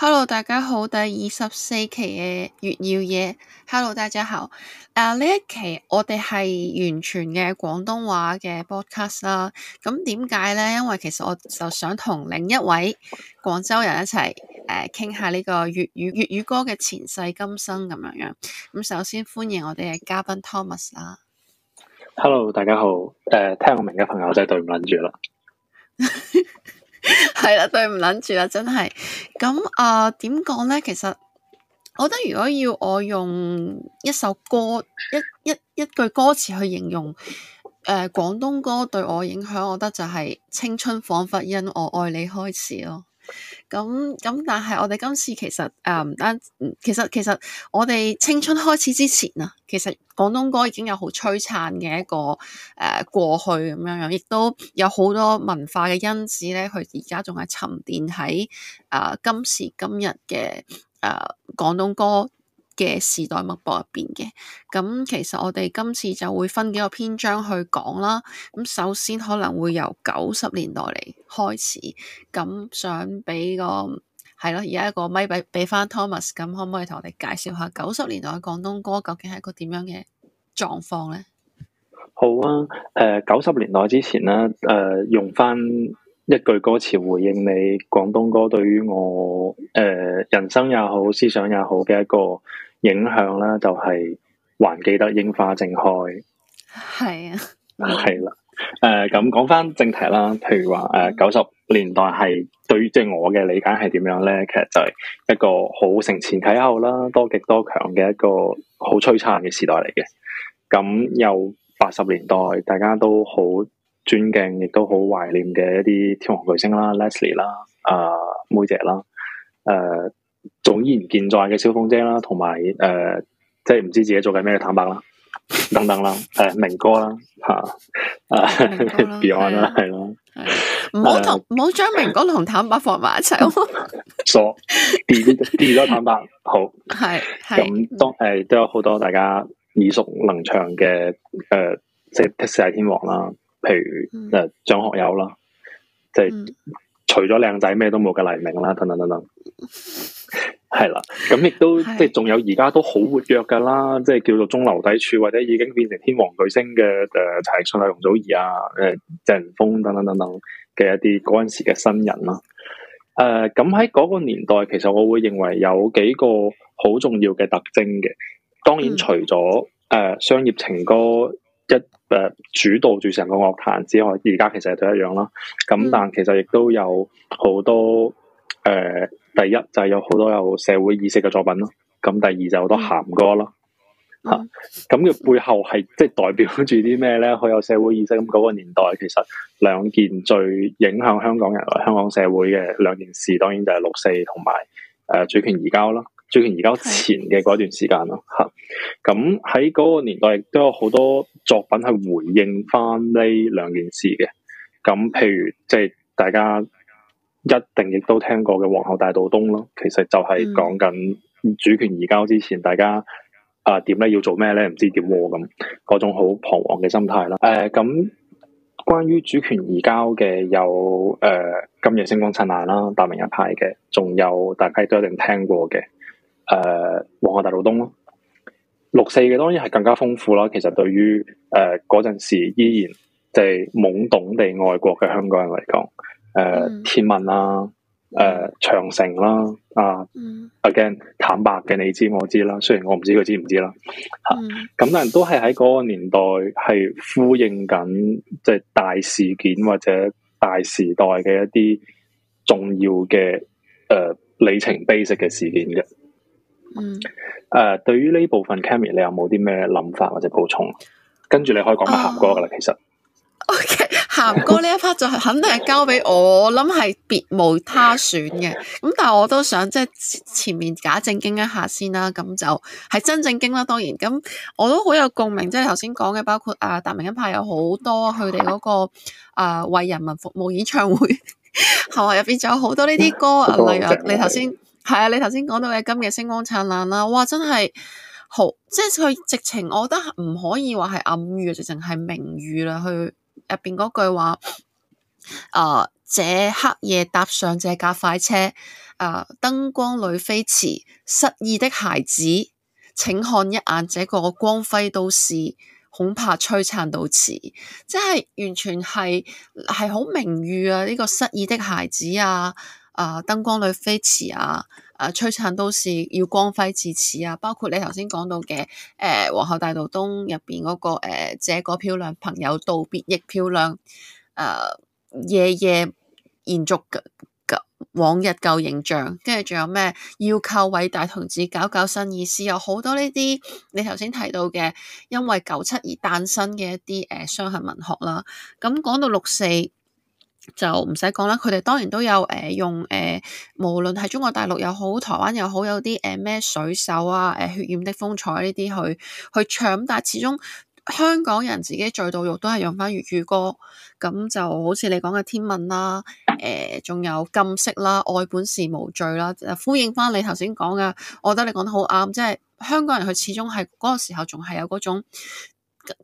Hello，大家好，第二十四期嘅粵要嘢。Hello，大家好。誒、啊，呢一期我哋係完全嘅廣東話嘅 podcast 啦、啊。咁點解呢？因為其實我就想同另一位廣州人一齊誒，傾、啊、下呢個粵語粵語歌嘅前世今生咁樣樣。咁、啊啊、首先歡迎我哋嘅嘉賓 Thomas 啦、啊。Hello，大家好。誒、啊，聽唔明嘅朋友真係對唔撚住啦。 係啦， 對唔撚住啦，真係。咁啊，點講呢？其實我覺得如果要我用一首歌一一,一句歌詞去形容誒廣東歌對我影響，我覺得就係《青春仿佛因我愛你開始》咯。咁咁、嗯，但係我哋今次其實誒，唔、呃、單，其實其實我哋青春開始之前啊，其實廣東歌已經有好璀璨嘅一個誒、呃、過去咁樣樣，亦都有好多文化嘅因子咧，佢而家仲係沉澱喺誒今時今日嘅誒廣東歌嘅時代脈搏入面嘅，咁其實我哋今次就會分幾個篇章去講啦。咁首先可能會由九十年代嚟開始，咁想俾個係咯，而家一個咪俾俾翻 Thomas，咁可唔可以同我哋介紹下九十年代廣東歌究竟係個點樣嘅狀況咧？好啊，誒九十年代之前咧，誒、呃、用翻一句歌詞回應你，廣東歌對於我誒、呃、人生也好，思想也好嘅一個。影響咧就係還記得櫻花正開，係啊，係啦， 誒咁講翻正題啦，譬如話誒九十年代係對即係、就是、我嘅理解係點樣咧？其實就係一個好承前啟後啦，多極多強嘅一個好璀璨嘅時代嚟嘅。咁又八十年代大家都好尊敬，亦都好懷念嘅一啲天王巨星啦，Leslie 啦，啊、呃、，梅姐啦，誒、呃。仲依然健在嘅蕭峰姐啦，同埋誒，即係唔知自己做緊咩嘅坦白啦，等等啦，誒明哥啦吓，誒 Beyond 啦，係咯，唔好同唔好將明哥同坦白放埋一齊，傻，變變咗坦白，好係咁，當誒都有好多大家耳熟能詳嘅誒，即係四大天王啦，譬如誒張學友啦，即係除咗靚仔咩都冇嘅黎明啦，等等等等。係啦，咁亦都即係仲有而家都好活躍㗎啦，即係叫做中流砥柱或者已經變成天王巨星嘅誒，陳奕迅、呃、容祖兒啊，誒、呃、謝霆鋒等等等等嘅一啲嗰陣時嘅新人啦、啊。誒、呃，咁喺嗰個年代，其實我會認為有幾個好重要嘅特徵嘅。當然除咗誒、嗯呃、商業情歌一誒、呃、主導住成個樂壇之外，而家其實係都一樣啦。咁但其實亦都有好多誒。呃第一就係、是、有好多有社會意識嘅作品咯，咁第二就好、是、多鹹歌咯，吓咁嘅背後係即係代表住啲咩咧？好有社會意識咁嗰、那個年代，其實兩件最影響香港人、香港社會嘅兩件事，當然就係六四同埋誒主權移交啦。主權移交前嘅嗰一段時間咯，吓咁喺嗰個年代亦都有好多作品係回應返呢兩件事嘅。咁譬如即係、就是、大家。一定亦都聽過嘅《皇后大道東》咯，其實就係講緊主權移交之前，嗯、大家啊點咧要做咩咧？唔知點咁嗰種好彷徨嘅心態啦。誒、呃、咁、嗯，關於主權移交嘅有誒《今、呃、日星光燦爛》啦，《達明一派》嘅，仲有大家都一定聽過嘅誒《皇、呃、后大道東》咯。六四嘅當然係更加豐富啦。其實對於誒嗰陣時依然就係懵懂地愛國嘅香港人嚟講。誒，呃 mm. 天文啦，誒、呃，長城啦，啊、mm.，again，坦白嘅，你知我知啦，雖然我唔知佢知唔知啦，吓、mm. 啊，咁但係都係喺嗰個年代係呼應緊即係大事件或者大時代嘅一啲重要嘅誒里程碑式嘅事件嘅，嗯，誒，對於呢部分，Kammy，你有冇啲咩諗法或者補充？跟住你可以講埋咸歌噶啦，其實。Oh. Okay. 鹹歌呢一 part 就肯定係交俾我，諗係別無他選嘅。咁，但我都想即係前面假正經一下先啦。咁就係真正經啦。當然，咁我都好有共鳴。即係頭先講嘅，包括啊，達明一派有好多佢哋嗰個啊為人民服務演唱會，係嘛？入邊仲有好多呢啲歌，例如你頭先係啊，你頭先講到嘅今日星光燦爛啦，哇，真係好！即係佢直情，我覺得唔可以話係暗語，直情係明語啦，去。入邊嗰句話，誒、呃，這黑夜搭上這架快車，誒、呃，燈光裏飛馳，失意的孩子，請看一眼這個光輝都市，恐怕璀璨到遲，即係完全係係好名譽啊！呢、這個失意的孩子啊。啊！燈光裏飛馳啊！啊！璀璨都市要光輝至此啊！包括你頭先講到嘅誒皇后大道東入邊嗰個誒這個、呃、漂亮朋友道別亦漂亮，誒、呃、夜夜延續往日舊形象，跟住仲有咩要靠偉大同志搞搞新意思，有好多呢啲你頭先提到嘅因為九七而誕生嘅一啲誒、呃、傷痕文學啦。咁、嗯、講到六四。就唔使講啦，佢哋當然都有誒用誒，無論係中國大陸又好，台灣又好，有啲誒咩水手啊，誒、呃《血染的風采》呢啲去去唱，但係始終香港人自己最到肉都係用翻粵語歌，咁就好似你講嘅《天問》啦，誒、呃、仲有《禁色》啦，《愛本是無罪》啦，呼應翻你頭先講嘅，我覺得你講得好啱，即係香港人佢始終係嗰個時候仲係有嗰種。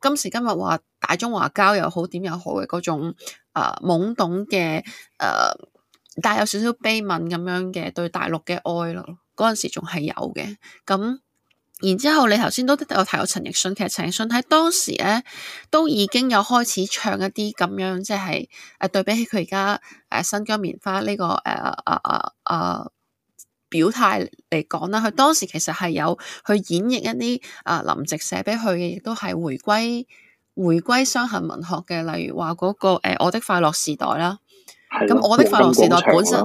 今時今日話大中華交又好點又好嘅嗰種、呃、懵懂嘅誒、呃、帶有少少悲憫咁樣嘅對大陸嘅愛咯，嗰陣時仲係有嘅。咁然之後，你頭先都有提過陳奕迅，其實陳奕迅喺當時咧都已經有開始唱一啲咁樣，即係誒對比起佢而家誒新疆棉花呢、呢個誒啊啊啊！啊啊啊表態嚟講啦，佢當時其實係有去演繹一啲啊、呃、林夕寫俾佢嘅，亦都係回歸回歸傷痕文學嘅，例如話嗰、那個《我的快樂時代》啦。咁《我的快樂時代》的時代本身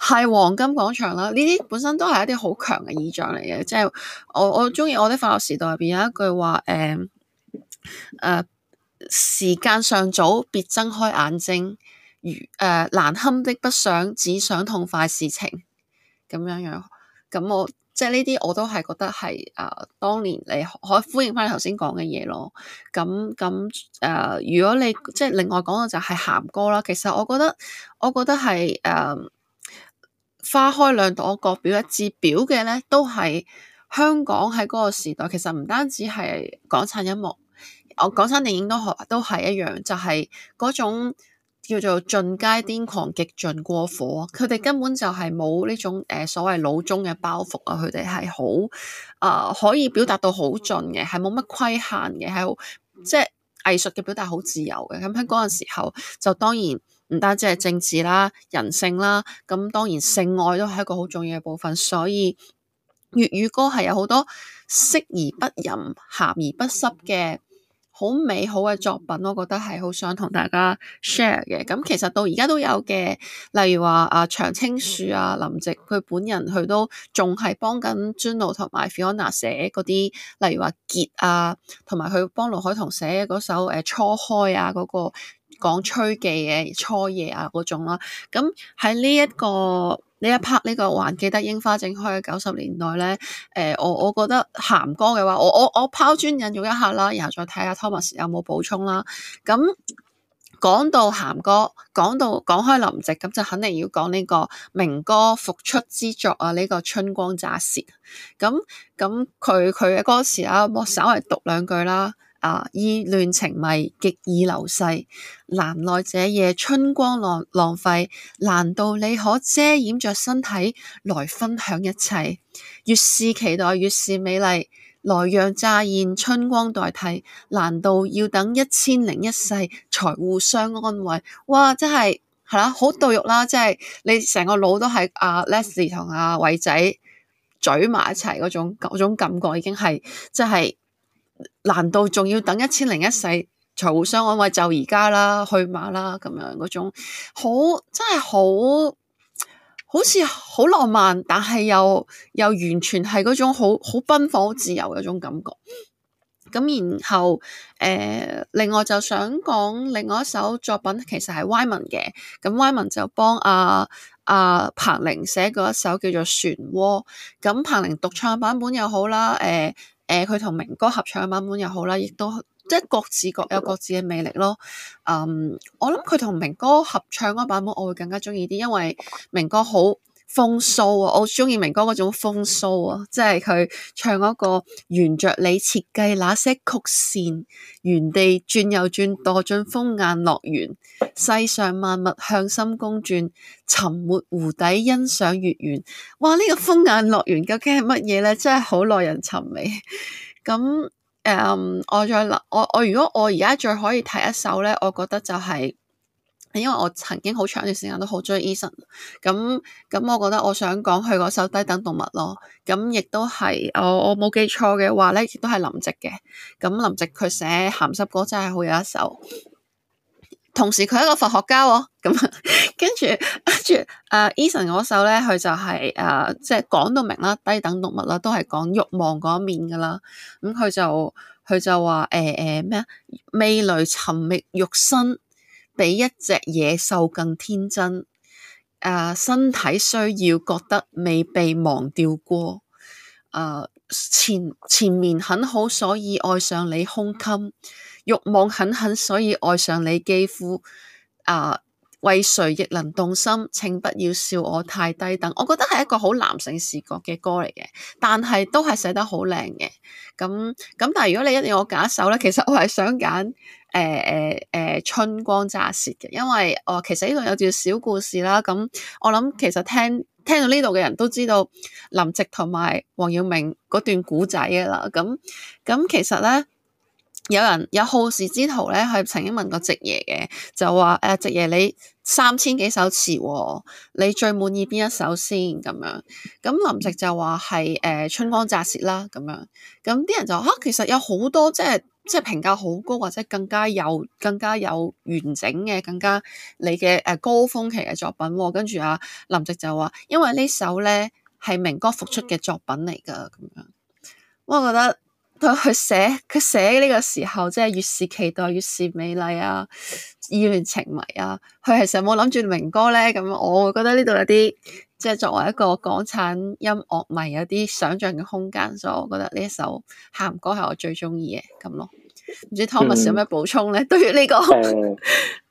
係黃金廣場啦，呢啲本身都係一啲好強嘅意象嚟嘅，即、就、係、是、我我中意《我的快樂時代》入邊有一句話誒誒、呃呃、時間尚早，別睜開眼睛，如、呃、誒難堪的不想，只想痛快事情。咁樣樣，咁我即係呢啲我都係覺得係啊、呃，當年你可呼應翻你頭先講嘅嘢咯。咁咁誒，如果你即係另外講嘅就係鹹歌啦。其實我覺得，我覺得係誒、呃、花開兩朵各表一枝表嘅咧，都係香港喺嗰個時代，其實唔單止係港產音樂，我港產電影都可都係一樣，就係、是、嗰種。叫做盡皆癲狂極盡過火，佢哋根本就係冇呢種誒、呃、所謂腦中嘅包袱啊！佢哋係好啊，可以表達到好盡嘅，係冇乜規限嘅，係好，即係藝術嘅表達好自由嘅。咁喺嗰陣時候，就當然唔單止係政治啦、人性啦，咁當然性愛都係一個好重要嘅部分。所以粵語歌係有好多色而不淫、鹹而不濕嘅。好美好嘅作品，我覺得係好想同大家 share 嘅。咁其實到而家都有嘅，例如話啊長青樹啊林夕佢本人，佢都仲係幫緊 Juno 同埋 Fiona 寫嗰啲，例如話結啊，同埋佢幫盧海彤寫嗰首誒初開啊嗰、嗰個講吹技嘅初夜啊嗰種啦、啊。咁喺呢一個。呢一 part 呢，這個還記得櫻花正開嘅九十年代咧，誒、呃，我我覺得鹹歌嘅話，我我我拋磚引玉一下啦，然後再睇下 Thomas 有冇補充啦。咁、嗯、講到鹹歌，講到講開林夕，咁、嗯、就肯定要講呢個明哥復出之作啊、呢、這個春光乍泄。咁咁佢佢嘅歌詞啊、嗯，我稍微讀兩句啦。啊！意亂情迷，極易流逝，難耐這夜春光浪浪費。難道你可遮掩着身體來分享一切？越是期待，越是美麗。來讓乍現春光代替。難道要等一千零一世才互相安慰？哇！真係係啦，好到肉啦，即係你成個腦都係啊 Leslie 同阿偉仔嘴埋一齊嗰種嗰種感覺，已經係即係。真難道仲要等一千零一世才互相安慰？就而家啦，去馬啦，咁樣嗰種好真係好，好似好浪漫，但係又又完全係嗰種好好奔放、自由嗰種感覺。咁然後誒、呃，另外就想講另外一首作品，其實係 Wyman 嘅。咁 Wyman 就幫阿阿彭玲寫過一首叫做《漩渦》。咁彭玲獨唱版本又好啦，誒、呃。誒，佢同明哥合唱嘅版本又好啦，亦都即係各自各有各自嘅魅力咯。嗯、um，我諗佢同明哥合唱嗰版本，我會更加中意啲，因為明哥好。風騷啊！我中意明哥嗰種風騷啊，即係佢唱嗰個沿着你設計那些曲線，原地轉又轉，墮進風眼樂園,世上萬物向心公轉，沉沒湖底欣賞月圓。哇！呢個風眼樂園究竟係乜嘢呢？真係好耐人尋味。咁，誒，um，我再諗，我我如果我而家再可以睇一首呢，我覺得就係。因為我曾經好長一段時間都好鍾意 Eason，咁咁我覺得我想講佢嗰首《低等動物》咯，咁亦都係我我冇記錯嘅話咧，亦都係林夕嘅。咁林夕佢寫鹹濕歌真係好有一手，同時佢係一個佛學家喎、哦。咁 跟住跟住啊，Eason 嗰首咧，佢就係啊，即係、就係 uh，講到明啦，《低等動物》啦，都係講欲望嗰一面噶啦。咁佢就佢就話誒誒咩啊？美、欸、女、欸、沉溺肉身。比一隻野獸更天真，誒、呃，身體需要覺得未被忘掉過，誒、呃，前前面很好，所以愛上你胸襟，欲望狠狠，所以愛上你肌膚，啊、呃，為誰亦能動心，請不要笑我太低等。我覺得係一個好男性視角嘅歌嚟嘅，但係都係寫得好靚嘅。咁、嗯、咁、嗯，但係如果你一定要我揀一首咧，其實我係想揀。誒誒誒春光乍泄嘅，因為哦，其實呢度有段小故事啦。咁、嗯、我諗其實聽聽到呢度嘅人都知道林夕同埋黃耀明嗰段古仔嘅啦。咁、嗯、咁、嗯嗯、其實咧，有人有好事之徒咧，係曾經問過夕爺嘅，就話誒夕爺你三千幾首詞，哦，你最滿意邊一首先咁樣？咁、嗯嗯嗯、林夕就話係誒春光乍泄啦咁樣。咁、嗯、啲、嗯、人就話，啊、其實有好多即係。即係評價好高，或者更加有更加有完整嘅，更加你嘅誒高峰期嘅作品。跟住阿林夕就話，因為呢首咧係明哥復出嘅作品嚟噶，咁樣，我覺得。佢佢寫佢寫呢個時候，即係越是期待越是美麗啊，意亂情迷啊。佢係成日冇諗住明哥咧。咁我會覺得呢度有啲即係作為一個港產音樂迷有啲想象嘅空間，所以我覺得呢一首鹹歌係我最中意嘅咁咯。唔知 Thomas 有咩補充咧？嗯、對於呢個鹹、嗯、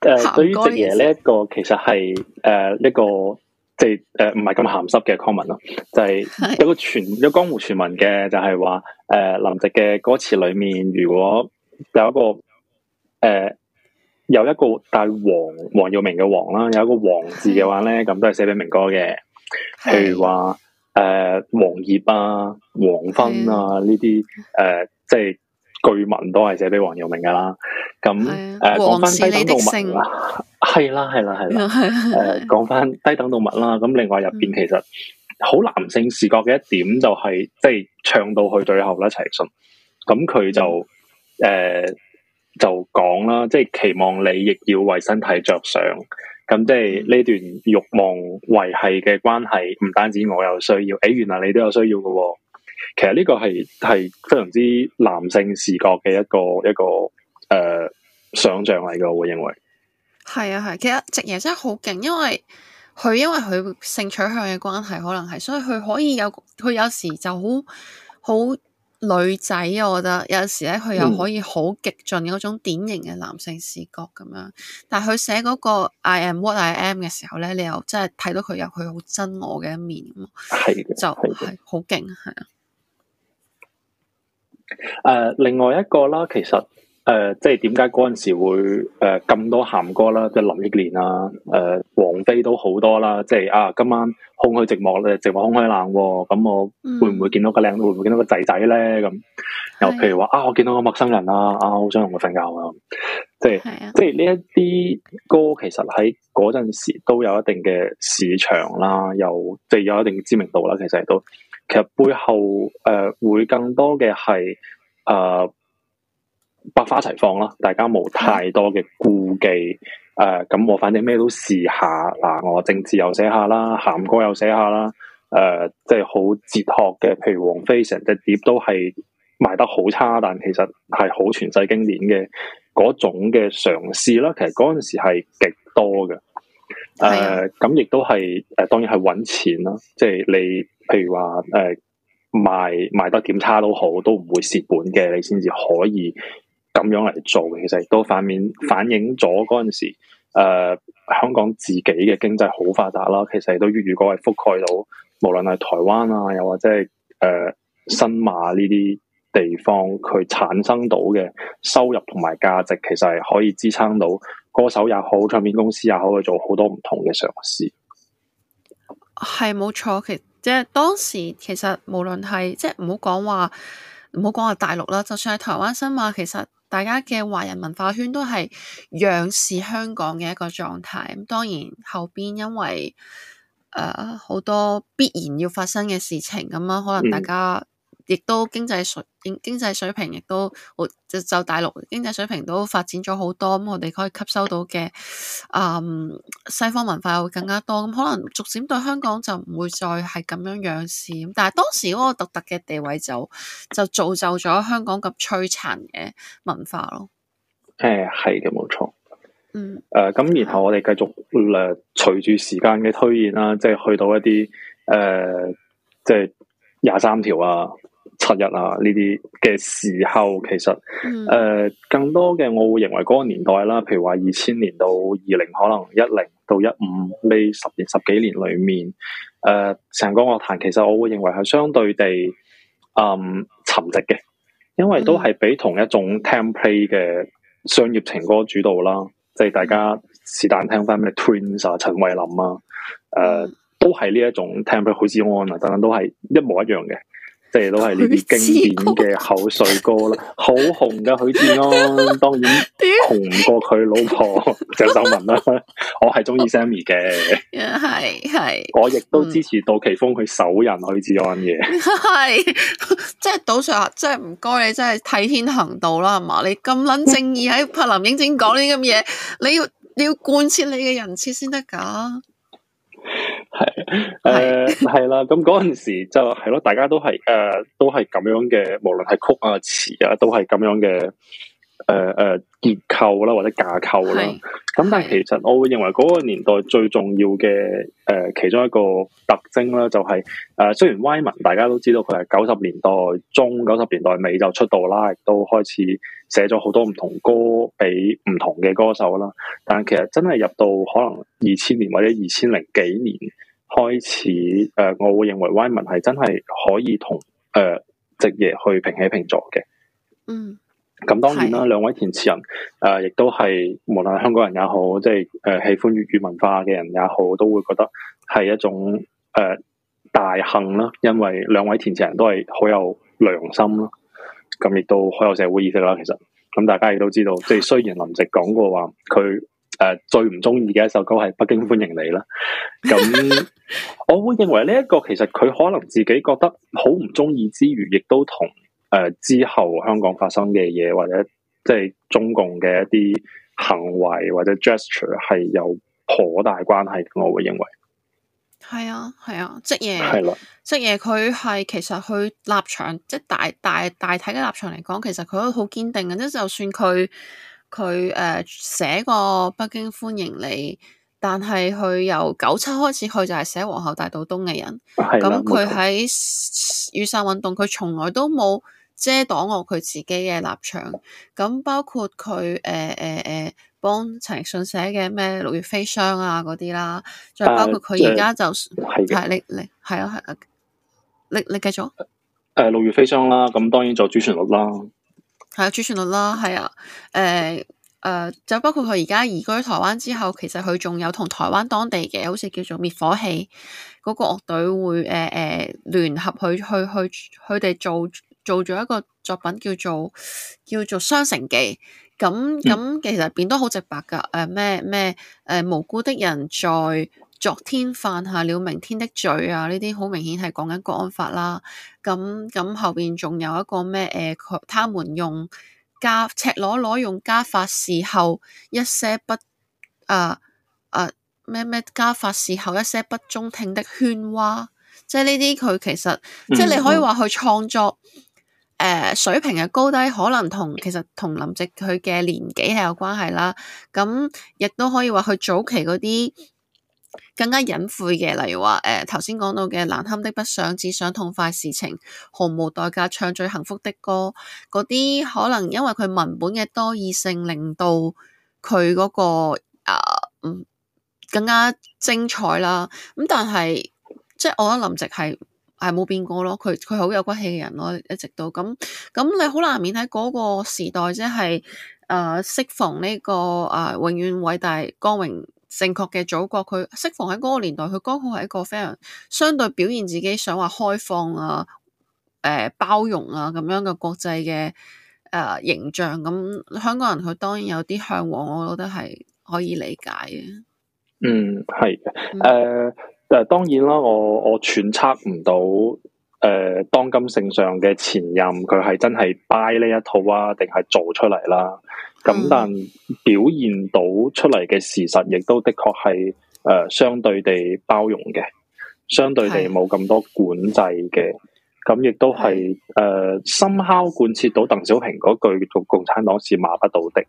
歌嘅嘢，呢一個其實係誒呢個。即係誒，唔係咁鹹濕嘅 comment 咯，就係、是、有個傳，有江湖傳聞嘅，就係話誒，林夕嘅歌詞裏面，如果有一個誒、呃、有一個大王黃耀明嘅王啦，有一個王字嘅話咧，咁的都係寫俾明哥嘅，譬如話誒，黃、呃、葉啊、黃昏啊呢啲誒，即係的。句文都係寫俾黃耀明噶啦，咁誒講翻低等動物啦，係啦係啦係啦，誒講翻低等動物啦，咁另外入邊其實、嗯、好男性視覺嘅一點就係、是，即、就、係、是、唱到去最後啦陳奕迅，咁佢就誒、嗯呃、就講啦，即、就、係、是、期望你亦要為身體着想，咁即係呢段欲望維係嘅關係，唔單止我有需要，誒、欸、原來你都有需要噶喎、啊。其實呢個係係非常之男性視角嘅一個一個誒、呃、想象嚟嘅。我會認為係啊係。其實直爺真係好勁，因為佢因為佢性取向嘅關係，可能係所以佢可以有佢有時就好好女仔。我覺得有時咧，佢又可以好極盡嗰種典型嘅男性視角咁樣。但係佢寫嗰個 I am what I am 嘅時候咧，你又真係睇到佢有佢好真我嘅一面。係就係好勁，係啊。誒、呃，另外一個啦，其實誒、呃，即係點解嗰陣時會誒咁、呃、多鹹歌啦，即係林憶蓮啊，誒、呃，王菲都好多啦，即係啊，今晚空虛寂寞咧，寂寞空虛冷、啊，咁、嗯、我、嗯、會唔會見到個靚女，會唔會見到個仔仔咧？咁又譬如話是啊，啊，我見到個陌生人啦、啊，啊，好想同佢瞓覺啊，即係是、啊、即係呢一啲歌，其實喺嗰陣時都有一定嘅市場啦，又即係有一定知名度啦，其實都。其實背後誒、呃、會更多嘅係誒百花齊放啦，大家冇太多嘅顧忌誒，咁、呃、我反正咩都試下，嗱我政治又寫下啦，咸歌又寫下啦，誒即係好哲學嘅，譬如王菲成隻碟都係賣得好差，但其實係好傳世經典嘅嗰種嘅嘗試啦。其實嗰陣時係極多嘅，誒咁亦都係誒當然係搵錢啦，即、就、係、是、你。譬如話誒、呃、賣賣得點差都好，都唔會蝕本嘅，你先至可以咁樣嚟做。其實亦都反面反映咗嗰陣時誒、呃，香港自己嘅經濟好發達啦。其實亦都越如果係覆蓋到，無論係台灣啊，又或者係誒、呃、新馬呢啲地方，佢產生到嘅收入同埋價值，其實係可以支撐到歌手也好，唱片公司也好，去做好多唔同嘅嘗試。係冇錯，其即係當時其實無論係，即係唔好講話唔好講話大陸啦，就算係台灣新馬，其實大家嘅華人文化圈都係仰視香港嘅一個狀態。咁當然後邊因為誒好多必然要發生嘅事情咁樣，可能大家。嗯亦都經濟水經濟水平亦都就，就大陸經濟水平都發展咗好多，咁我哋可以吸收到嘅，嗯，西方文化會更加多，咁可能逐漸對香港就唔會再係咁樣仰視，但係當時嗰個獨特嘅地位就就造就咗香港咁璀璨嘅文化咯。誒，係嘅，冇錯。嗯。誒、呃，咁然後我哋繼續咧，隨住時間嘅推演啦，即係去到一啲誒，即係廿三條啊。七日啊！呢啲嘅時候，其實誒、呃，更多嘅我會認為嗰個年代啦，譬如話二千年到二零，可能一零到一五呢十年十幾年裏面，誒、呃，成個樂壇其實我會認為係相對地，嗯，沉寂嘅，因為都係比同一種 template 嘅商業情歌主導啦，嗯、即係大家是但聽翻咩 Twins 啊、陳慧琳啊，誒、呃，都係呢一種 template 許志安啊等等，都係一模一樣嘅。即係都係呢啲經典嘅口水歌啦，好 紅嘅許志安，當然紅過佢老婆鄭秀文啦。 我係中意 Sammy 嘅，係係，我亦都支持杜琪峰去手人許志安嘅。係，即係杜 Sir，即係唔該你，你真係替天行道啦，係嘛？你咁捻正義喺柏林影展講呢啲咁嘢，你要你要貫徹你嘅人設先得噶。誒，係啦，咁嗰陣時就係咯，大家都係誒、呃，都係咁樣嘅，無論係曲啊、詞啊，都係咁樣嘅誒誒結構啦，或者架構啦。咁的但係其實我會認為嗰個年代最重要嘅誒、呃、其中一個特徵啦、就是，就係誒雖然 Wyman，大家都知道佢係九十年代中、九十年代尾就出道啦，亦都開始寫咗好多唔同歌俾唔同嘅歌手啦，但係其實真係入到可能二千年或者二千零幾年。開始誒，我會認為 Wyman 係真係可以同誒夕爺去平起平坐嘅。嗯，咁當然啦，的兩位填詞人誒、呃，亦都係無論香港人也好，即係誒、呃、喜歡粵語文化嘅人也好，都會覺得係一種誒、呃、大幸啦，因為兩位填詞人都係好有良心咯，咁、啊、亦都好有社會意識啦。其實咁大家亦都知道，即係雖然林夕講過話佢。誒，uh, 最唔中意嘅一首歌係《北京歡迎你》啦。咁 我會認為呢、這、一個其實佢可能自己覺得好唔中意之餘，亦都同誒、呃、之後香港發生嘅嘢，或者即係、就是、中共嘅一啲行為或者 gesture 係有頗大關係，我會認為係啊，係啊，職業係啦，職業佢係，其實佢立場即係、就是、大大大體嘅立場嚟講，其實佢都好堅定嘅，即就算佢。佢誒寫過北京歡迎你，但係佢由九七開始佢就係寫皇后大道東嘅人，咁佢喺雨傘運動佢從錯來都冇遮擋我佢自己嘅立場，咁包括佢誒誒誒幫陳奕迅寫嘅咩六月飛霜啊嗰啲啦，再包括佢而家就係你你係咯係，你你繼續誒六月飛霜啦，咁當然就主旋律啦。係啊，主旋律啦，係啊，誒誒，就包括佢而家移居台灣之後，其實佢仲有同台灣當地嘅，好似叫做滅火器嗰，那個樂隊會，誒，呃、誒，聯，呃、合佢去去佢哋做做咗一個作品，叫做叫做雙城記，咁咁其實變得好直白噶，誒咩咩，誒無辜的人在，昨天犯下了明天的罪啊！呢啲好明顯係講緊《國安法》啦。咁咁後邊仲有一個咩？誒，佢，他們用加赤裸裸用加法，事後一些不誒，誒咩咩加法，事後一些不中聽的喧嘩，即係呢啲佢其實，嗯、即係你可以話佢創作誒、呃、水平嘅高低，可能同其實同林夕佢嘅年紀係有關係啦。咁亦都可以話佢早期嗰啲。更加隱晦嘅，例如話，誒、呃，頭先講到嘅難堪的不想，只想痛快事情，毫無代價唱最幸福的歌，嗰啲可能因為佢文本嘅多義性，令到佢嗰、那個啊，嗯、呃，更加精彩啦。咁但係，即係我覺得林夕係係冇變過咯，佢佢好有骨氣嘅人咯，一直都咁咁，你好難免喺嗰個時代，即係誒，適逢呢個誒、呃，永遠偉大光榮。正確嘅祖國，佢適逢喺嗰個年代，佢剛好係一個非常相對表現自己，想話開放啊、誒、呃、包容啊咁樣嘅國際嘅誒形象。咁、嗯、香港人佢當然有啲嚮往，我覺得係可以理解嘅。嗯，係誒誒，當然啦，我我揣測唔到誒、呃、當今聖上嘅前任佢係真係 buy 呢一套啊，定係做出嚟啦？咁、嗯、但表現到出嚟嘅事實，亦都的確係誒、呃、相對地包容嘅，相對地冇咁多管制嘅。咁亦的都係誒的、呃、深敲貫徹到鄧小平嗰句：做共產黨是罵不倒的。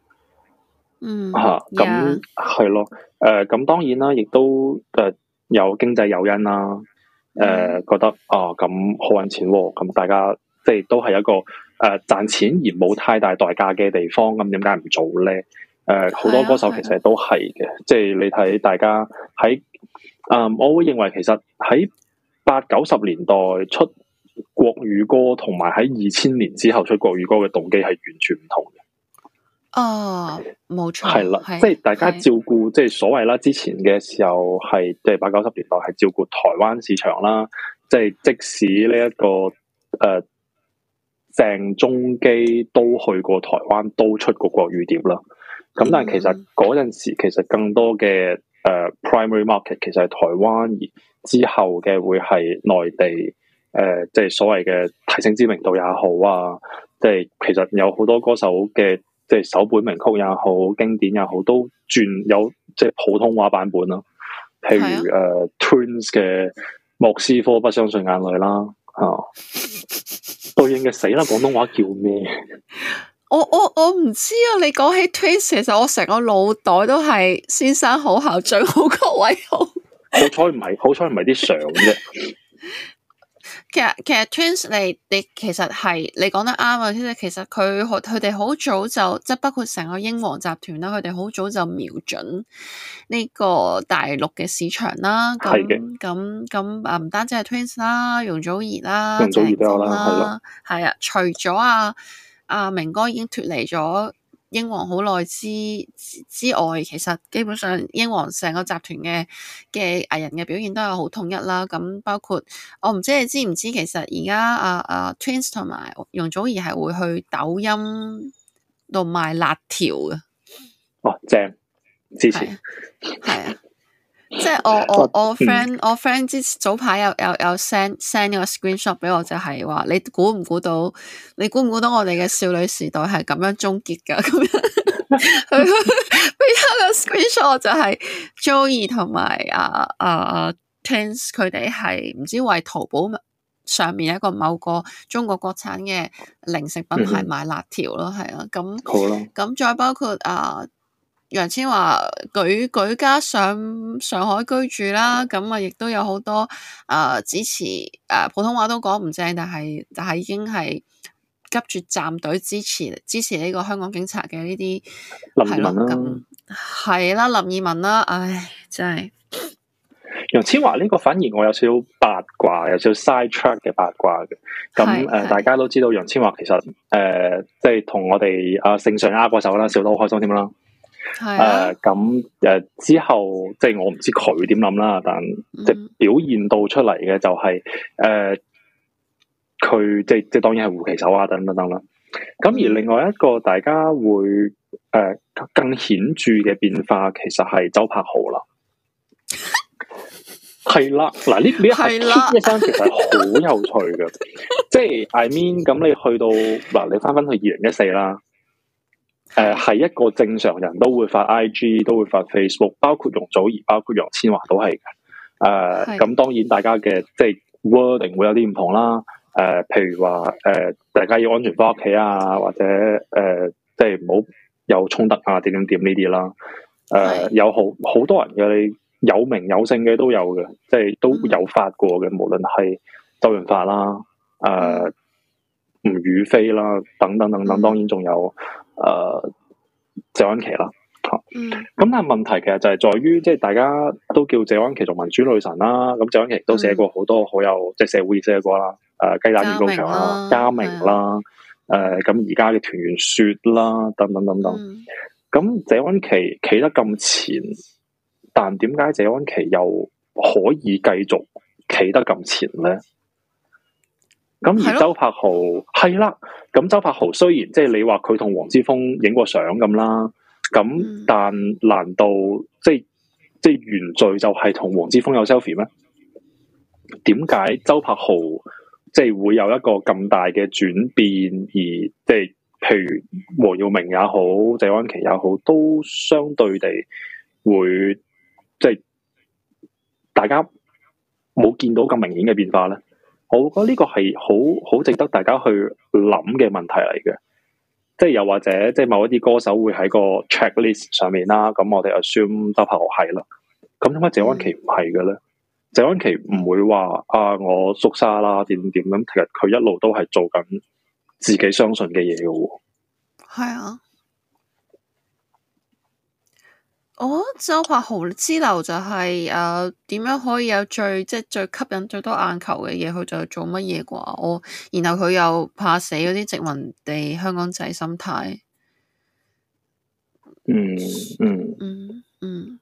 嗯。嚇、啊！咁係咯。誒咁 Yeah.、呃、當然啦，亦都誒有經濟誘因啦。誒、呃、覺得啊，咁好揾錢喎。咁大家即係都係一個。誒，賺錢而冇太大代價嘅地方，咁點解唔做咧？誒、呃，好多歌手其實都係嘅，啊啊、即係你睇大家喺誒、嗯，我會認為其實喺八九十年代出國語歌，同埋喺二千年之後出國語歌嘅動機係完全唔同嘅。哦，冇錯，係啦、啊，啊、即係大家照顧，啊啊、即係所謂啦。之前嘅時候係即係八九十年代係照顧台灣市場啦，即係即使呢、這、一個誒。呃鄭中基都去過台灣，都出過國語碟啦。咁、嗯、但係其實嗰陣時，其實更多嘅誒、uh, primary market 其實係台灣，而之後嘅會係內地誒，uh, 即係所謂嘅提升知名度也好啊，即係其實有好多歌手嘅即係首本名曲也好、經典也好，都轉有即係普通話版本啦、啊。譬如誒 Twins 嘅莫斯科不相信眼淚啦。哦、啊，對應嘅死啦！廣東話叫咩？我我我唔知啊！你講起 Twins，其實我成個腦袋都係先生好校最好各位好，好彩唔係，好彩唔係啲相啫。 其實其實 Twins 你你其實係你講得啱啊。其實其實佢佢哋好早就即係包括成個英皇集團啦，佢哋好早就瞄準呢個大陸嘅市場啦。係嘅。咁咁咁啊，唔單止係 Twins 啦，容祖兒啦，容祖兒都有啦，係咯。係啊，除咗啊阿明哥已經脫離咗。英皇好耐之之外，其實基本上英皇成個集團嘅嘅藝人嘅表現都係好統一啦。咁包括我唔知你知唔知，其實而家阿阿、啊啊、Twins 同埋容祖兒係會去抖音度賣辣條嘅。哦、啊，正支持，係啊。 即係我我我 friend 我 friend 之早排有有，有 send send 個 screenshot 俾我就係、是、話你估唔估到？你估唔估到我哋嘅少女時代係咁樣終結噶咁樣，背 後個 screenshot 就係 Joey 同埋啊啊 Twins 佢哋係唔知為淘寶上面一個某個中國國產嘅零食品牌賣辣條咯，係啊，咁咁吧再包括啊。Uh, 楊千嬅舉舉家上上海居住啦，咁啊，亦都有好多啊支持誒、呃，普通話都講唔正，但係但係已經係急住站隊支持支持呢個香港警察嘅呢啲係咯，咁係啦，啦，林二汶啦，唉，真係楊千嬅呢個反而我有少少八卦，有少 side track 嘅八卦嘅咁誒，大家都知道楊千嬅其實誒即係同我哋阿聖上握手啦，笑得好開心添啦。係啊！咁誒、嗯呃、之後，即係我唔知佢點諗啦，但即係表現到出嚟嘅就係、是、誒，佢、呃、即係即係當然係護旗手啊，等等等啦。咁而另外一個大家會誒、呃、更顯著嘅變化，其實係周柏豪 啦。係啦，嗱呢呢一呢一單其實好有趣嘅，即係 I mean，咁你去到嗱，你翻翻去二零一四啦。誒，係、呃、一個正常人都會發 IG，都會發 Facebook，包括容祖兒，包括楊千嬅都係嘅。誒、呃，咁是的 當然大家嘅即係 wording 會有啲唔同啦。誒、呃，譬如話誒、呃，大家要安全翻屋企啊，或者誒、呃，即係唔好有衝突啊，點點點呢啲啦。誒、呃，是的 有好好多人嘅，你有名有姓嘅都有嘅，即係都有發過嘅，嗯、無論係周潤發啦，誒、呃，吳雨霏啦，等等等等，等等等等，當然仲有。誒、呃，謝安琪啦，咁、嗯、但係問題其實就係在於，即係大家都叫謝安琪做民主女神啦，咁謝安琪都寫過好多好有的即係社會意識嘅歌啦，誒、呃、雞蛋與、啊、羔羊啦、家明啦、誒咁而家嘅團圓雪啦等等等等，咁、嗯、謝安琪企得咁前，但點解謝安琪又可以繼續企得咁前咧？咁而周柏豪係啦，咁的周柏豪雖然即係你話佢同黃之鋒影過相咁啦，咁但難道即係即係原罪就係同黃之鋒有 selfie 咩？點解周柏豪即係會有一個咁大嘅轉變，而即係譬如黃耀明也好，謝安琪也好，都相對地會即係大家冇見到咁明顯嘅變化咧？我覺得呢個係好好值得大家去諗嘅問題嚟嘅，即係又或者即係某一啲歌手會喺個 checklist 上面、嗯啊、啦，咁我哋 assume 周柏豪係啦，咁點解謝安琪唔係嘅咧？謝安琪唔會話啊，我縮沙啦點點咁，其實佢一路都係做緊自己相信嘅嘢嘅喎。係啊。我覺得、哦、周柏豪之流就係誒點樣可以有最即係最吸引最多眼球嘅嘢，佢就做乜嘢啩？我、呃、然後佢又怕死嗰啲殖民地香港仔心態。嗯嗯嗯嗯。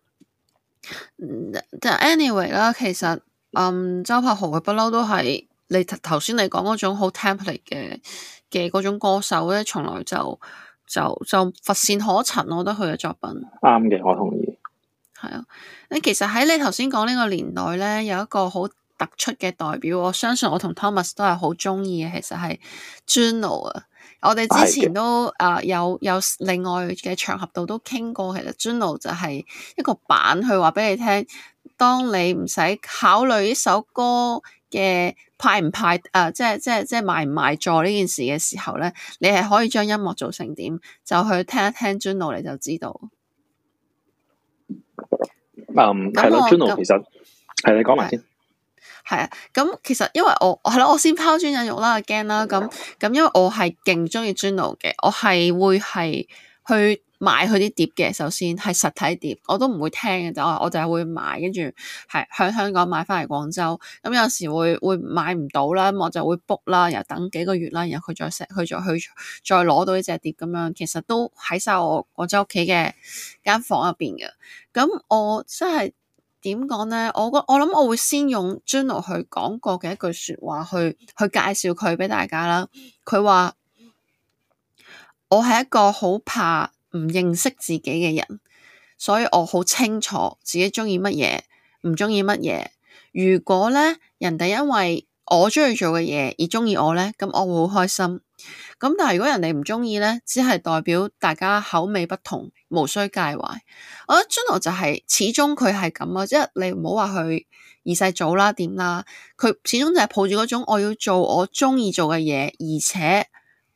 Anyway 啦，其實嗯周柏豪嘅不嬲都係你頭先你講嗰種好 template 嘅嘅嗰種歌手咧，從來就。就就乏善可陳，我覺得佢嘅作品。啱嘅，我同意。係啊，誒其實喺你頭先講呢個年代咧，有一個好突出嘅代表，我相信我同 Thomas 都係好中意嘅。其實係 Juno 啊，我哋之前都啊有的有，有另外嘅場合度都傾過。其實 Juno 就係一個版，佢話俾你聽，當你唔使考慮呢首歌嘅。派唔派？誒、呃，即係即係即係賣唔賣座呢件事嘅時候咧，你係可以將音樂做成點，就去聽一聽 Juno，你就知道。嗯，係咯，Juno 其實係你講埋先。係啊，咁、嗯、其實因為我係咯，我先拋磚引玉啦，Again 啦。咁咁，因為我係勁中意 Juno 嘅，我係會係去。買佢啲碟嘅。首先係實體碟，我都唔會聽嘅，就我，我就係會買，跟住係喺香港買翻嚟廣州。咁、嗯、有時會會買唔到啦，咁、嗯、我就會 book 啦，然後等幾個月啦，然後佢再食，佢再去再攞到呢隻碟咁樣。其實都喺晒我我喺屋企嘅間房入邊嘅。咁我真係點講咧？我家家、嗯、我諗我，我，我會先用 Juno 去講過嘅一句説話去去介紹佢俾大家啦。佢話我係一個好怕。唔認識自己嘅人，所以我好清楚自己中意乜嘢，唔中意乜嘢。如果咧人哋因為我中意做嘅嘢而中意我咧，咁我會好開心。咁但係如果人哋唔中意咧，只係代表大家口味不同，無需介懷。我覺得 Juno 就係，始終佢係咁啊，即係你唔好話佢二世祖啦，點啦，佢始終就係抱住嗰種我要做我中意做嘅嘢，而且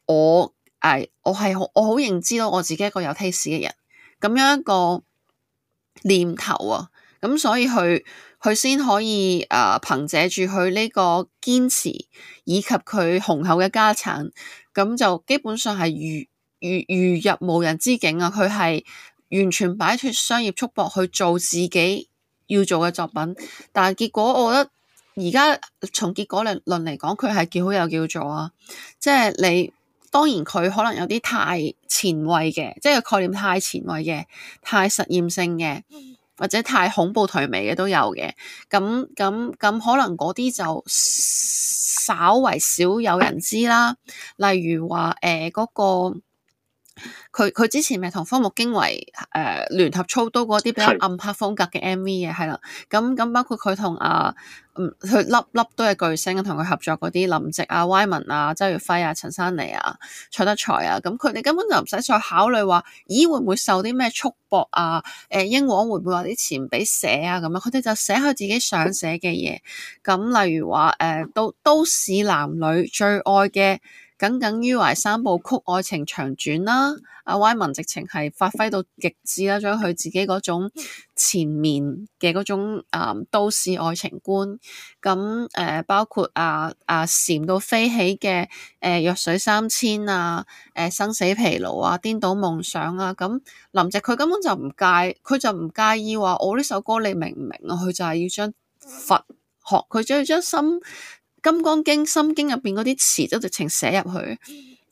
我。誒，我係我好認知到我自己一個有 taste 嘅人，咁樣一個念頭啊，咁所以佢佢先可以誒，憑藉住佢呢個堅持以及佢雄厚嘅家產，咁就基本上係如如，如入無人之境啊！佢係完全擺脱商業束縛去做自己要做嘅作品，但係結果，我覺得而家從結果嚟論嚟講，佢係叫好又叫座啊！即係你。當然佢可能有啲太前衛嘅，即係概念太前衛嘅、太實驗性嘅，或者太恐怖、頹味嘅都有嘅。咁、咁、咁可能嗰啲就稍為少有人知啦。例如話誒嗰個。佢佢之前咪同方木經緯誒聯合操刀嗰啲比較暗黑風格嘅 M V 嘅係啦，咁咁、啊、包括佢同阿嗯佢粒粒都係巨星，同佢合作嗰啲林夕啊、Y 文啊、周耀輝啊、陳珊妮啊、蔡德才啊，咁佢哋根本就唔使再考慮話咦會唔會受啲咩束縛啊？誒，英皇會唔會話啲錢唔俾寫啊？咁樣佢哋就寫佢自己想寫嘅嘢，咁、啊、例如話誒、呃、都都市男女最愛嘅。耿耿於懷三部曲愛情長轉啦，阿威文直情係發揮到極致啦，將佢自己嗰種前面嘅嗰種啊、嗯、都市愛情觀，咁誒、呃、包括啊啊禪到飛起嘅誒弱水三千啊，誒、啊、生死疲勞啊，顛倒夢想啊，咁林夕佢根本就唔介，佢就唔介意話我呢首歌你明唔明啊？佢就係要將佛學，佢要將心。《金剛經》《心經》入邊嗰啲詞都直情寫入去，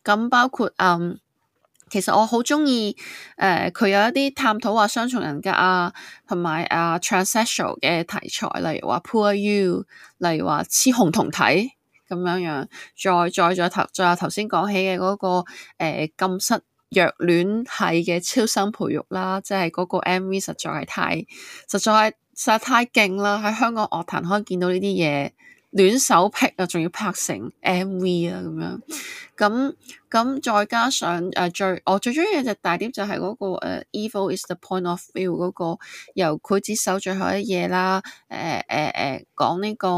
咁包括嗯，其實我好中意誒，佢、呃、有一啲探討話雙重人格啊，同埋啊 transsexual 嘅題材，例如話 poor you，例如話雌雄同體咁樣樣，再再再頭再頭先講起嘅嗰、那個、呃、禁室虐戀系嘅超生培育啦，即係嗰個 MV 實在係太實在係實在太勁啦！喺香港樂壇可以見到呢啲嘢。暖手癖啊，仲要拍成 MV 啊，咁樣咁咁再加上誒、啊、最我、哦、最中意嘅隻大碟就係嗰、嗰個 Evil is the point of view 嗰、嗰個由佢接手最後一夜啦，誒誒誒講呢個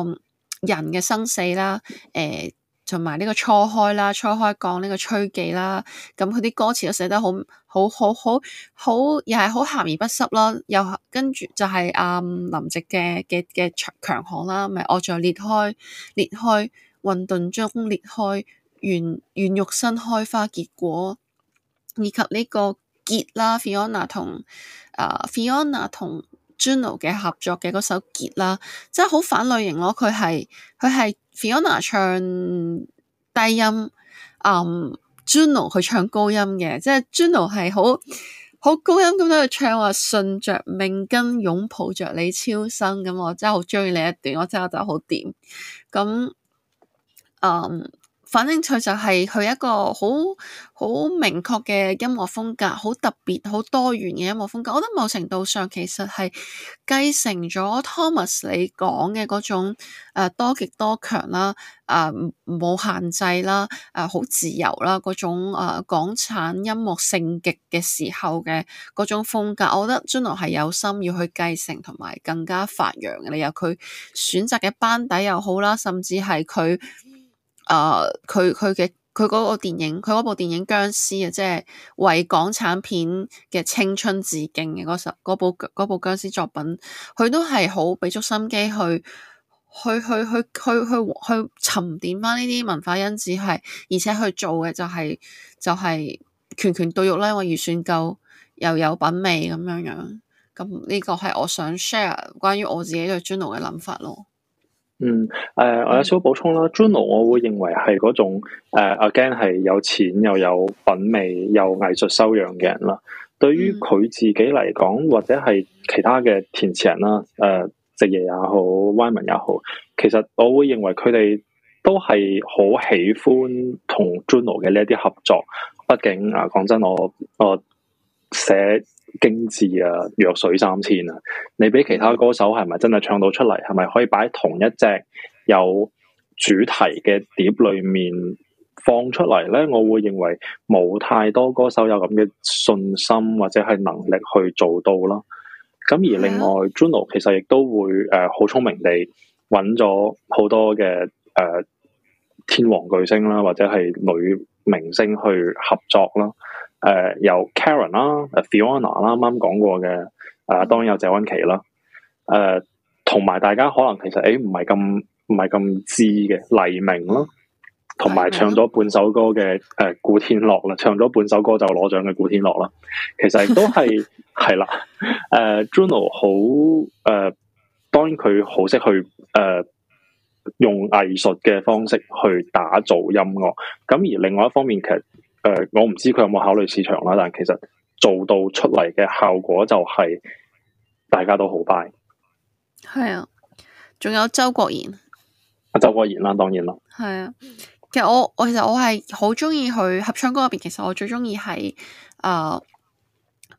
人嘅生死啦，誒、呃。同埋呢個初開啦，初開講呢個吹技啦，咁佢啲歌詞都寫得好好好好好，又係好鹹而不濕咯。又跟住就係、是、阿、嗯、林夕嘅嘅嘅強強項啦，咪我象裂開，裂開混沌中裂開，圓圓肉身開花結果，以及呢個結啦，Fiona 同啊、呃、Fiona 同 Juno 嘅合作嘅嗰首結啦，真係好反類型咯。佢係佢係。Fiona 唱低音，嗯、um,，Juno 去唱高音嘅，即係 Juno 係好好高音咁，到去唱話，順着命根擁抱着你超生，咁我真係好中意呢一段，我真係就好掂，咁，嗯、um,。反正佢就係佢一個好好明確嘅音樂風格，好特別，好多元嘅音樂風格。我覺得某程度上其實係繼承咗 Thomas 你講嘅嗰種誒、呃、多極多強啦，誒、呃、冇限制啦，誒、呃、好自由啦嗰種誒、呃、港產音樂盛極嘅時候嘅嗰種風格。我覺得 Juno 係有心要去繼承同埋更加發揚嘅理由。佢選擇嘅班底又好啦，甚至係佢。誒，佢佢嘅佢嗰個電影，佢嗰部電影殭屍啊，即係為港產片嘅青春致敬嘅嗰首部部殭屍作品，佢都係好俾足心機去去去去去去沉澱翻呢啲文化因子，係而且去做嘅就係就係拳拳到肉咧，我預算夠又有品味咁樣樣，咁呢個係我想 share 關於我自己對 Juno 嘅諗法咯。嗯，誒、呃，我有少少補充啦。Juno 我會認為係嗰種誒、呃、again 係有錢又有品味、又藝術修養嘅人啦。對於佢自己嚟講，或者係其他嘅填詞人啦，誒、呃，職業也好、Wyman 也好，其實我會認為佢哋都係好喜歡同 Juno 嘅呢一啲合作。畢竟啊，講真，我我。寫經字啊，弱水三千啊，你俾其他歌手係咪真係唱到出嚟？係咪、嗯、可以擺同一隻有主題嘅碟裏面放出嚟咧？我會認為冇太多歌手有咁嘅信心或者係能力去做到啦。咁而另外、嗯、Juno 其實亦都會誒，好、呃、聰明地揾咗好多嘅誒、呃、天王巨星啦，或者係女明星去合作啦。誒、呃，由 Karen 啦、啊、Fiona 啦，啱啱講過嘅，啊、呃，當然有謝安琪啦，誒、呃，同埋大家可能其實誒唔係咁唔係咁知嘅黎明咯，同、啊、埋唱咗半首歌嘅誒、呃、古天樂啦，唱咗半首歌就攞獎嘅古天樂啦，其實亦都係係啦，誒，Juno 好誒，當然佢好識去誒、呃、用藝術嘅方式去打造音樂，咁而另外一方面其實。誒、嗯，我唔知佢有冇考慮市場啦，但係其實做到出嚟嘅效果就係大家都好 b u 係啊，仲有周國賢、啊。周國賢啦，當然啦。係啊，其實我我其實我係好中意佢合唱歌入邊，其實我最中意係誒《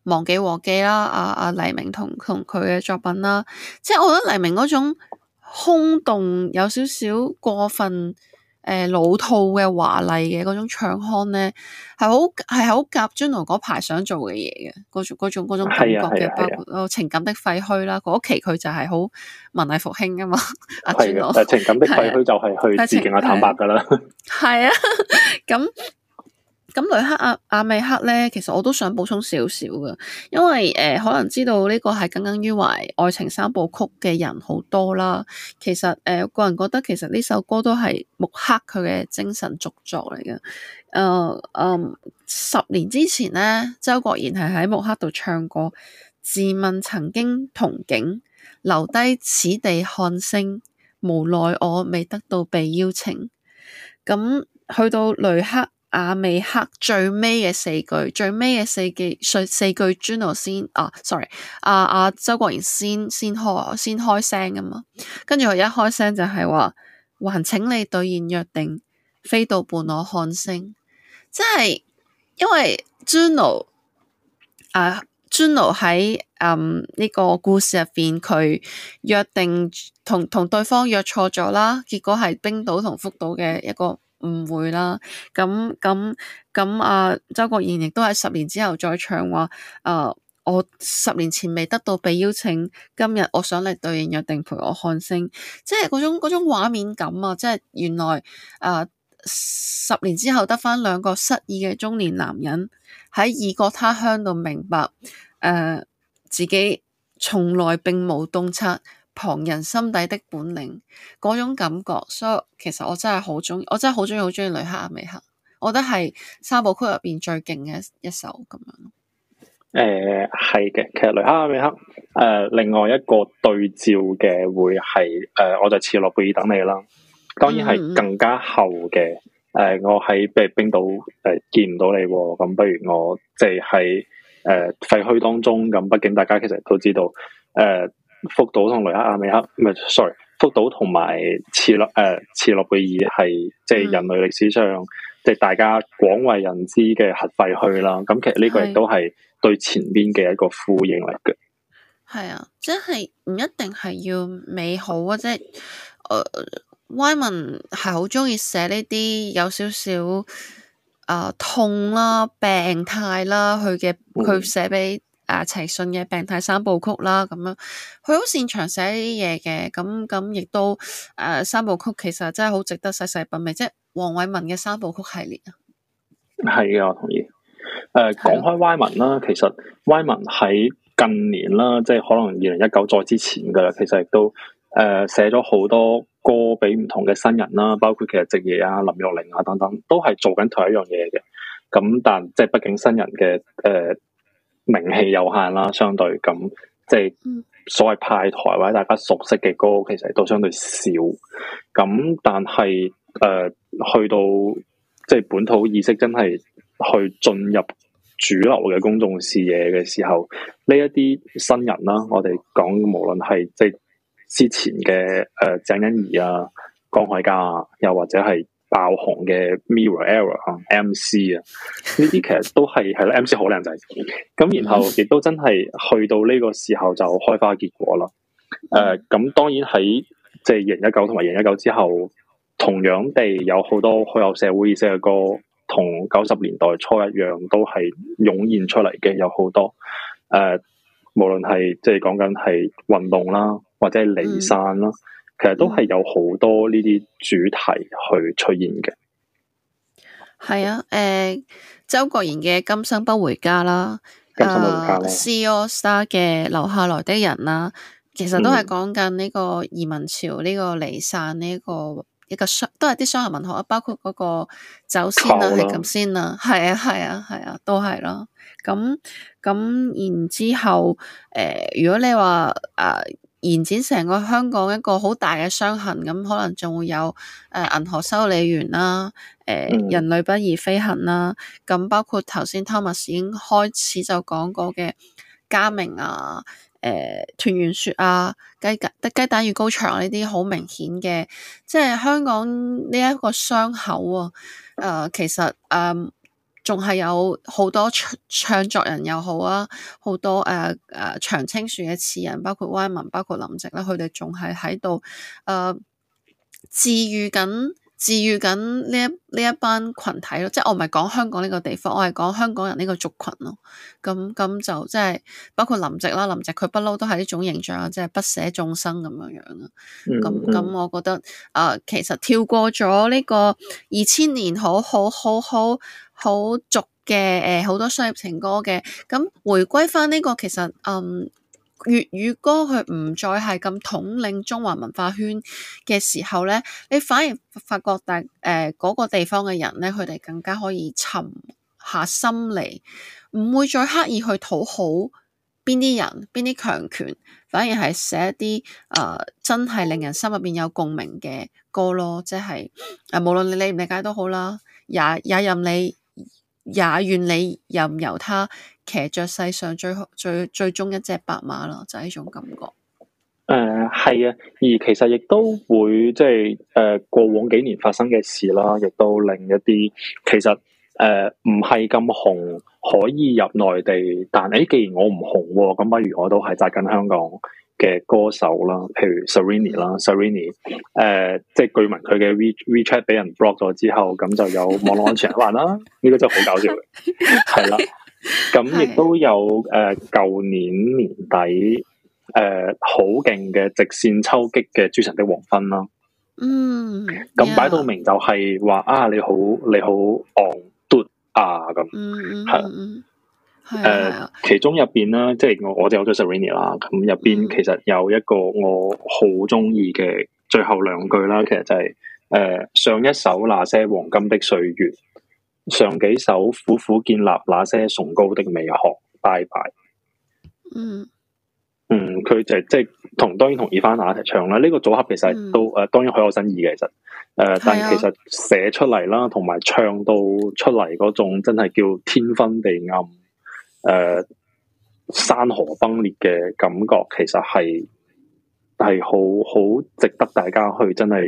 忘記和記》啦，阿、啊、阿、啊、黎明同同佢嘅作品啦，即係我覺得黎明嗰種空洞有少少過分。誒老套嘅華麗嘅嗰種唱腔咧，係好係好夾 Juno 嗰排想做嘅嘢嘅，嗰種嗰種嗰種感覺嘅，啊啊啊、包括《情感的廢墟》啦，嗰期佢就係好文藝復興啊嘛，阿 Juno，但係、 啊《情感的廢墟》就係去致敬阿坦白噶啦，係、呃、啊，咁。 咁雷克阿阿美克咧，其實我都想補充少少嘅，因為誒、呃、可能知道呢個係耿耿於懷愛情三部曲嘅人好多啦。其實誒、呃、個人覺得其實呢首歌都係木克佢嘅精神續作嚟嘅。誒、呃、誒、呃、十年之前呢，周國賢係喺木克度唱過《自問曾經憧憬》，留低此地看星，無奈我未得到被邀請，咁去到雷克。阿、啊、美克最尾嘅四句，最尾嘅四句，四句 Juno 先啊，sorry，阿、啊、阿、啊、周國賢先先開先開聲啊嘛，跟住佢一開聲就係話還請你兌現約定飛到半裸看星，即係因為 Juno 啊 Juno 喺嗯呢、這個故事入邊佢約定同同對方約錯咗啦，結果係冰島同福島嘅一個。誤會啦，咁咁咁啊，周國賢亦都係十年之後再唱話，誒、啊，我十年前未得到被邀請，今日我想嚟對應約定陪我看星，即係嗰種嗰種畫面感啊！即係原來誒、啊、十年之後得返兩個失意嘅中年男人喺異國他鄉度明白誒、啊、自己從來並冇洞察。旁人心底的本領，嗰種感覺，所以其實我真係好中意，我真係好中意，好中意《雷克雅未克》，我覺得係三部曲入邊最勁嘅一首咁樣。誒、呃，係嘅，其實《雷克雅未克》誒、呃，另外一個對照嘅會係誒、呃，我就喺切爾諾貝爾等你啦。當然係更加後嘅。誒、呃，我喺譬如冰島誒、呃、見唔到你，咁不如我即係喺誒廢墟當中。咁畢竟大家其實都知道誒。呃福島同雷克雅未克，唔係 sorry，福島同埋切爾誒切爾諾貝爾係即係人類歷史上即係、嗯、大家廣為人知嘅核廢墟啦。咁其實呢個亦都係對前邊嘅一個呼應嚟嘅。係啊，即係唔一定係要美好啊，即、就、係、是，誒，Wyman 係好中意寫呢啲有少少誒、呃、痛啦、病態啦，佢嘅佢寫俾。啊！齊順嘅病態三部曲啦，咁樣佢好擅長寫啲嘢嘅，咁咁亦都誒、呃、三部曲其實真係好值得細細品味，即係黃偉文嘅三部曲系列啊，係嘅，我同意。誒、呃，講開 Y 文啦的，其實 Y 文喺近年啦，即係可能二零一九再之前噶啦，其實亦都誒寫咗好多歌俾唔同嘅新人啦，包括其實夕爺啊、林若寧啊等等，都係做緊同一樣嘢嘅。咁但即係畢竟新人嘅誒。呃名氣有限啦，相對咁即係所謂派台或者大家熟悉嘅歌，其實都相對少。咁但係誒、呃，去到即係、就是、本土意識真係去進入主流嘅公眾視野嘅時候，呢一啲新人啦，我哋講無論係即係之前嘅誒鄭欣宜啊、江海嘉啊，又或者係。爆紅嘅 Mirror Era 啊，MC 啊，呢啲其實都係係啦，MC 好靚仔，咁然後亦都真係去到呢個時候就開花結果啦。誒、呃，咁當然喺即係二零一九同埋二零一九之後，同樣地有好多好有社會意識嘅歌，同九十年代初一樣，都係湧現出嚟嘅，有好多誒、呃，無論係即係講緊係運動啦，或者係離散啦。嗯其實都係有好多呢啲主題去出現嘅，係啊，誒、呃，周國賢嘅《今生不回家》啦，今生不回家，啊、See All Star 嘅《留下來的人》啦，其實都係講緊呢個移民潮，呢、呢個離散呢，呢個一個雙，都係啲商人文學啊，包括嗰，嗰個《走先》啦先啊，係咁先啊，係啊，係啊，係啊，都係咯，咁咁然之後，誒、呃，如果你話啊。延展成個香港一個好大嘅傷痕，咁可能仲會有誒銀河修理員啦，誒、呃嗯、人類不宜飛行啦，咁包括頭先 Thomas 已經開始就講過嘅家明啊，誒、呃、團圓雪啊，雞蛋雞蛋與羔羊，呢啲好明顯嘅，即、就、係、是、香港呢一個傷口啊，誒、呃、其實誒。呃仲係有好多唱，唱作人又好啊，好多誒誒、呃呃、長青樹嘅詞人，包括 Y 文，包括林夕咧，佢哋仲係喺度誒治癒緊。治癒緊呢一呢一班群體咯，即係我唔係講香港呢個地方，我係講香港人呢個族群咯。咁咁就即係包括林夕啦，林夕佢不嬲都係呢種形象，即係不捨眾生咁樣樣啊。咁咁我覺得，誒，其實跳過咗呢個二千年好好好好好俗嘅誒，好多商業情歌嘅，咁回歸翻呢個其實嗯。粵語歌佢唔再係咁統領中華文化圈嘅時候呢，你反而發覺但誒嗰個地方嘅人呢，佢哋更加可以沉下心嚟，唔會再刻意去討好邊啲人邊啲強權，反而係寫一啲誒、呃、真係令人心入邊有共鳴嘅歌咯，即係誒、啊、無論你理唔理解都好啦，也也任你也願你任由他。騎着世上最好最最終一隻白馬咯，就係、是、呢種感覺。誒、呃，係啊，而其實亦都會即係誒、呃、過往幾年發生嘅事啦，亦都令一啲其實誒唔係咁紅可以入內地，但誒、欸、既然我唔紅咁，不如我都係紮緊香港嘅歌手 ie, 啦，譬如 Serrini 啦 Serr、呃、ini 誒，即係據聞佢嘅 We WeChat 俾人 block 咗之後，咁就有網絡安全法啦，呢 個真係好搞笑嘅，係啦。 咁亦都有誒，舊、uh, 年年底誒，好勁嘅直線抽擊嘅《諸神的黃昏》啦。嗯。咁擺、嗯、到明就係、是、話、嗯、啊，你好，你好戇嘟、嗯嗯、啊，咁係誒，其中入邊啦，即係我我就有咗 Serenia 啦。咁入邊其實有一個我好中意嘅最後兩句啦，其實就係、是、誒、uh, 上一首那些黃金的歲月。上幾首苦苦建立那些崇高的美學，拜拜。嗯嗯，佢、嗯、就即係同，當然同意翻一齊唱啦。呢、這個組合其實都誒、嗯呃，當然好有新意嘅，其實誒，但其實寫出嚟啦，同埋唱到出嚟嗰種真係叫天昏地暗，誒、呃，山河崩裂嘅感覺，其實係係好好值得大家去真係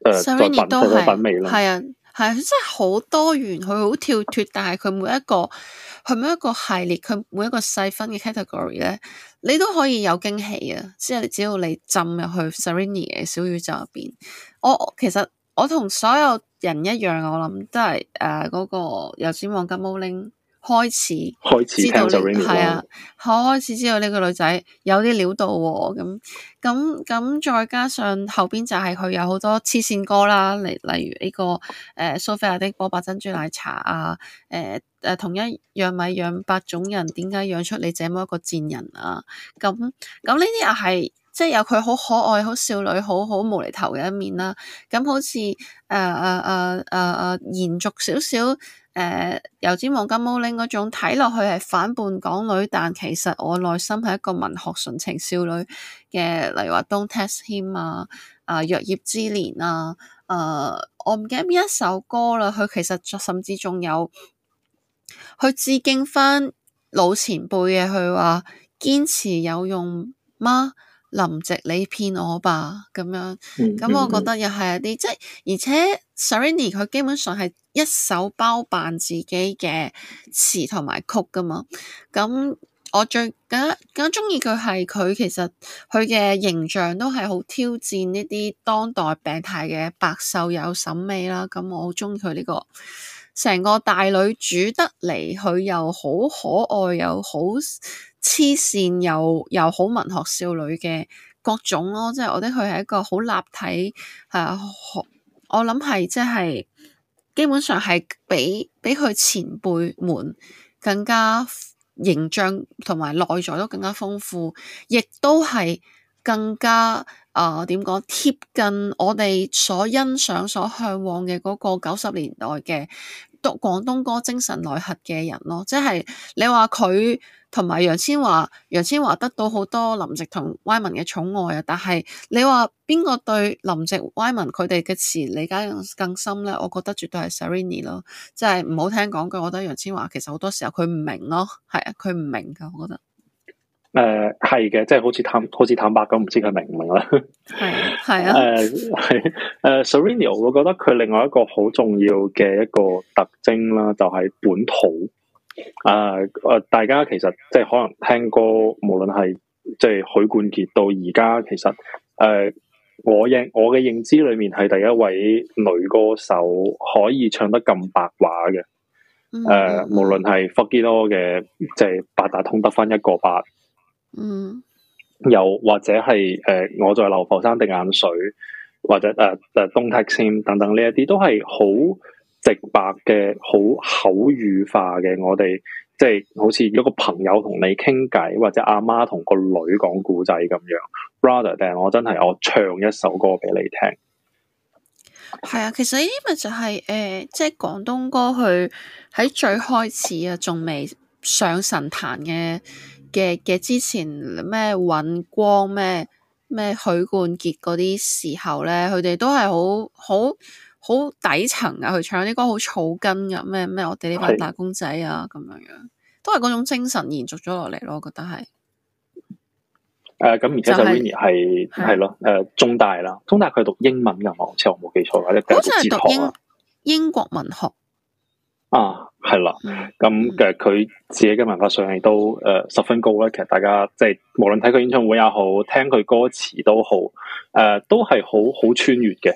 誒，品、呃、再品味咯。係，即係好多元，佢好跳脫，但係佢每一個，佢每一個系列，佢每一個細分嘅 category 咧，你都可以有驚喜啊！即係只要你浸入去 Serrini 嘅小宇宙入邊，我其實我同所有人一樣，我諗都係誒嗰個油尖旺金毛鈴。開始開始知道呢個係啊，開始知道呢、這個、個女仔有啲料到喎、哦，咁咁咁再加上後邊就係佢有好多黐線歌啦，例例如呢、這個誒蘇、呃、菲亞的波霸珍珠奶茶啊，誒、呃、誒，同一樣米養百種人，點解養出你這麼一個賤人啊？咁咁呢啲又係即係有佢好可愛、好少女、好好無厘頭嘅一面啦。咁好似誒誒誒誒誒，延續少少。誒，油尖旺金毛領嗰種睇落去係反叛港女，但其實我內心係一個文學純情少女嘅，例如話《Don’t Test Him》啊啊，啊《若葉之年》啊啊，誒，我唔記得邊一首歌啦，佢其實甚至仲有去致敬返老前輩嘅，佢話堅持有用嗎？林夕你騙我吧咁樣，咁、mm hmm. 我覺得又係一啲即係，而且 Serrini 佢基本上係一手包辦自己嘅詞同埋曲㗎嘛，咁我最更加中意佢係佢其實佢嘅形象都係好挑戰呢啲當代病態嘅白瘦幼審美啦，咁我好中意佢呢個成個大女主得嚟，佢又好可愛又好。黐線又又好文學少女嘅各種咯，即係我覺得佢係一個好立體。誒、啊，我諗係即係基本上係比比佢前輩們更加形象同埋內在都更加豐富，亦都係更加誒，點講，貼近我哋所欣賞、所向往嘅嗰個九十年代嘅讀廣東歌精神內核嘅人咯。即係你話佢。同埋楊千華，楊千華得到好多林夕同 Y 文嘅寵愛啊！但係你話邊個對林夕、w、Y 文佢哋嘅詞理解更深咧？我覺得絕對係 s a r e n i 咯，即係唔好聽講句，我覺得楊千華其實好多時候佢唔明咯，係啊，佢唔明㗎，我覺得。誒係嘅，即係、就是、好似坦好似坦白咁，唔知佢明唔明啦。係係啊。誒誒、啊、s a r e n i 我覺得佢另外一個好重要嘅一個特徵啦，就係、是、本土。啊！誒、呃呃，大家其實即係可能聽歌，無論係即係許冠傑到而家，其實誒、呃，我認我嘅認知裏面係第一位女歌手可以唱得咁白話嘅。誒、呃，mm hmm. 無論係福基多嘅即係八達通得翻一個八，嗯、mm，又、hmm. 或者係誒、呃，我在流浮山滴眼水，或者誒，誒，風笛先等等呢一啲都係好。直白嘅好口語化嘅，我哋即係好似一個朋友同你傾偈，或者阿媽同個女講故仔咁樣。Rather than 我真係我唱一首歌俾你聽。係啊，其實呢啲咪就係、是、誒，即係廣東歌，佢喺最開始啊，仲未上神壇嘅嘅嘅之前，咩尹光咩咩許冠傑嗰啲時候咧，佢哋都係好好。好底層噶，佢唱啲歌好草根噶，咩咩我哋呢班打工仔啊，咁樣的樣，都係嗰種精神延續咗落嚟咯，我覺得係。誒、呃，咁而家就 Vinnie 係係咯，誒中大啦，中大佢讀英文噶嘛，如果我冇記錯嘅，嗰陣係讀英英國文學。啊，係啦，咁、嗯嗯、其實佢自己嘅文化上係都誒十分高啦。其實大家即係無論睇佢演唱會也好，聽佢歌詞都好，誒、呃、都係好好穿越嘅。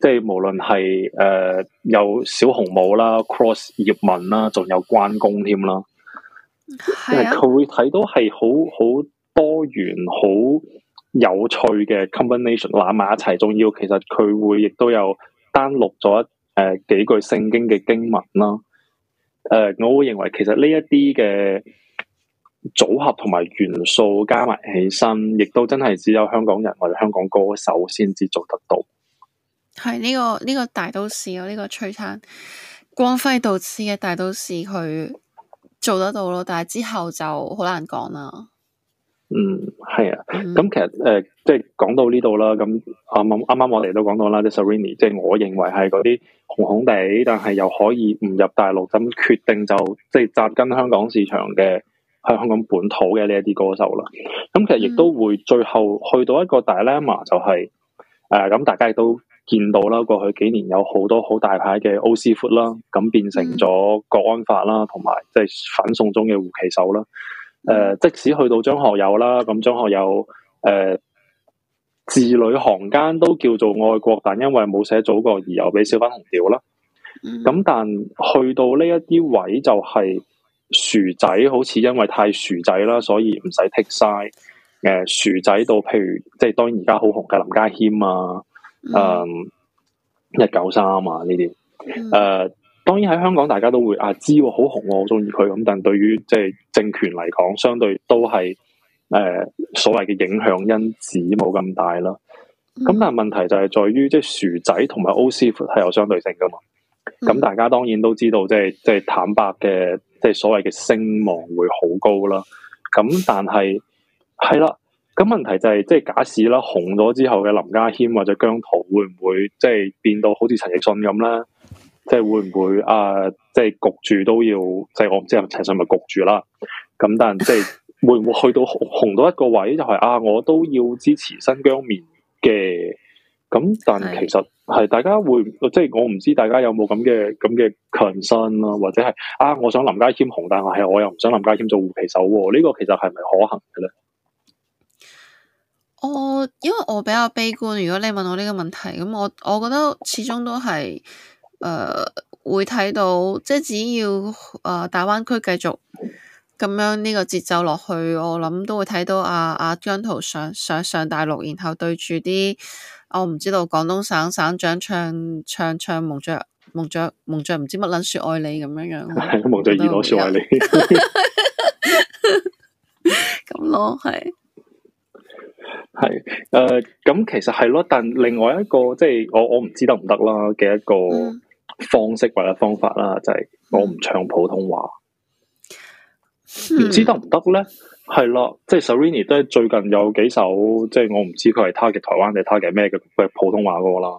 即係無論係誒有小紅帽啦、Cross 葉問啦，仲有關公添啦，係啊，因為佢會睇到係好好多元、好有趣嘅 combination 攬埋一齊。仲要其實佢會亦都有單錄咗誒幾句聖經嘅經文啦。誒，uh, 我會認為其實呢一啲嘅組合同埋元素加埋起身，亦都真係只有香港人或者香港歌手先至做得到。係呢個呢個大都市咯，呢個璀璨光輝到此嘅大都市，佢做得到咯。但係之後就好難講啦。嗯，係啊，咁其實誒、呃，即係講到呢度啦，咁啱啱啱啱我哋都講到啦，啲 Sarini，即係我認為係嗰啲紅紅哋，但係又可以唔入大陸，咁決定就即係紮根香港市場嘅、香港本土嘅呢一啲歌手啦。咁、嗯嗯、其實亦都會最後去到一個大 dilemma，就係、是、誒、咁、呃、大家亦都見到啦，過去幾年有好多好大牌嘅 Oscar 啦，咁變成咗國安法啦，同埋即係反送中嘅護旗手啦。誒，uh, 即使去到張學友啦，咁張學友誒字裏行間都叫做愛國，但因為冇寫祖國而又俾小粉紅調啦。咁、mm hmm. 但去到呢一啲位就係薯仔，好似因為太薯仔啦，所以唔使 take side。誒，薯仔到譬如即係，當然而家好紅嘅林家謙啊，誒、mm，一九三啊呢啲誒。當然喺香港，大家都會啊知好紅，我好中意佢咁。但對於即係政權嚟講，相對都係誒、呃、所謂嘅影響因子冇咁大啦。咁但問題就係在於，即係薯仔同埋歐斯係有相對性㗎嘛？咁大家當然都知道、就是，即係即係坦白嘅，即係所謂嘅聲望會好高啦。咁但係係啦，咁問題就係即係假使啦，紅咗之後嘅林家謙或者姜濤會唔會即係變到好似陳奕迅咁咧？即係會唔會啊？即係焗住都要，即係我唔知係咪齊上咪焗住啦。咁但係即係會唔會去到紅， 紅到一個位就係、是、啊？我都要支持新疆棉嘅。咁但係其實係大家會，即係我唔知大家有冇咁嘅咁嘅群身咯，concern, 或者係啊？我想林家謙紅，但係我又唔想林家謙做護旗手。呢、這個其實係咪可行嘅咧？我因為我比較悲觀，如果你問我呢個問題，咁我我覺得始終都係。誒，會睇到，即係只要誒大灣區繼續咁樣呢個節奏落去，我諗都會睇到阿阿姜濤上上上大陸，然後對住啲我唔知道廣東省省長唱唱唱蒙着蒙着蒙着唔知乜捻說愛你咁樣樣，蒙着耳朵說愛你，咁咯係，係誒，咁其實係咯，但另外一個即係我我唔知得唔得啦嘅一個。方式或者方法啦，就係、是、我唔唱普通話，唔、嗯、知得唔得咧？係咯，即係 Sorini 都最近有幾首，即係我唔知佢係 e t 台灣定 target 咩嘅佢普通話歌啦。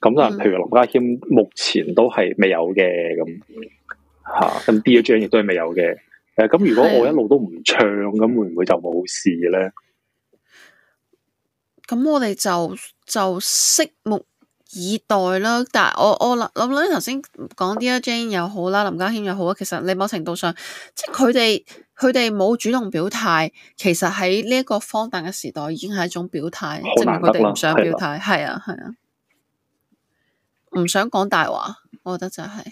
咁但係譬如林家謙目前都係未有嘅咁，吓咁 D 一張亦都係未有嘅。誒、啊，咁如果我一路都唔唱，咁的會唔會就冇事咧？咁我哋就就識目。以待啦，但係我我諗諗諗頭先講 Dear Jane 又好啦，林家謙又好啊，其實你某程度上即係佢哋佢哋冇主動表態，其實喺呢一個荒誕嘅時代，已經係一種表態，即係佢哋唔想表態，係啊係啊，唔想講大話，我覺得就係、是，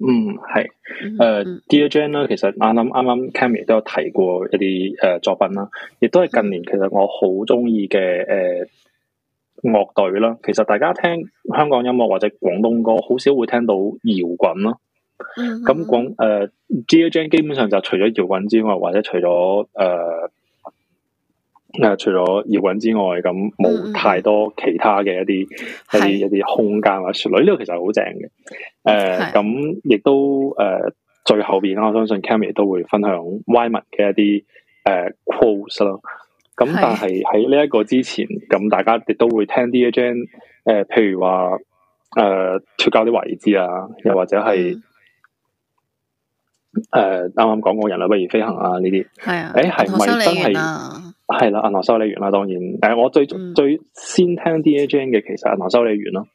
嗯係，誒、嗯 uh, Dear Jane 啦，其實啱啱啱啱 Kammy 都有提過一啲誒作品啦，亦都係近年其實我好中意嘅誒。呃樂隊啦，其實大家聽香港音樂或者廣東歌，好少會聽到搖滾咯。咁廣誒，Jazz 基本上就除咗搖滾之外，或者除咗誒誒，除咗搖滾之外，咁冇太多其他嘅一啲、嗯嗯、一啲一啲空間或者旋律呢個其實好正嘅。誒、呃，咁亦都誒、呃，最後邊啦，我相信 Kammy 都會分享 Wyman 嘅一啲誒 quotes 咯。呃咁但係喺呢一個之前，咁大家亦都會聽 D. H. J. 誒，譬如話誒，跳交啲位置啊，又或者係誒，啱啱講過人類不如飛行啊呢啲。係啊。誒，係咪真係？係啦，銀行修理員啦，當然。但係我最最先聽 D. H. J. n 嘅，其實銀行修理員咯。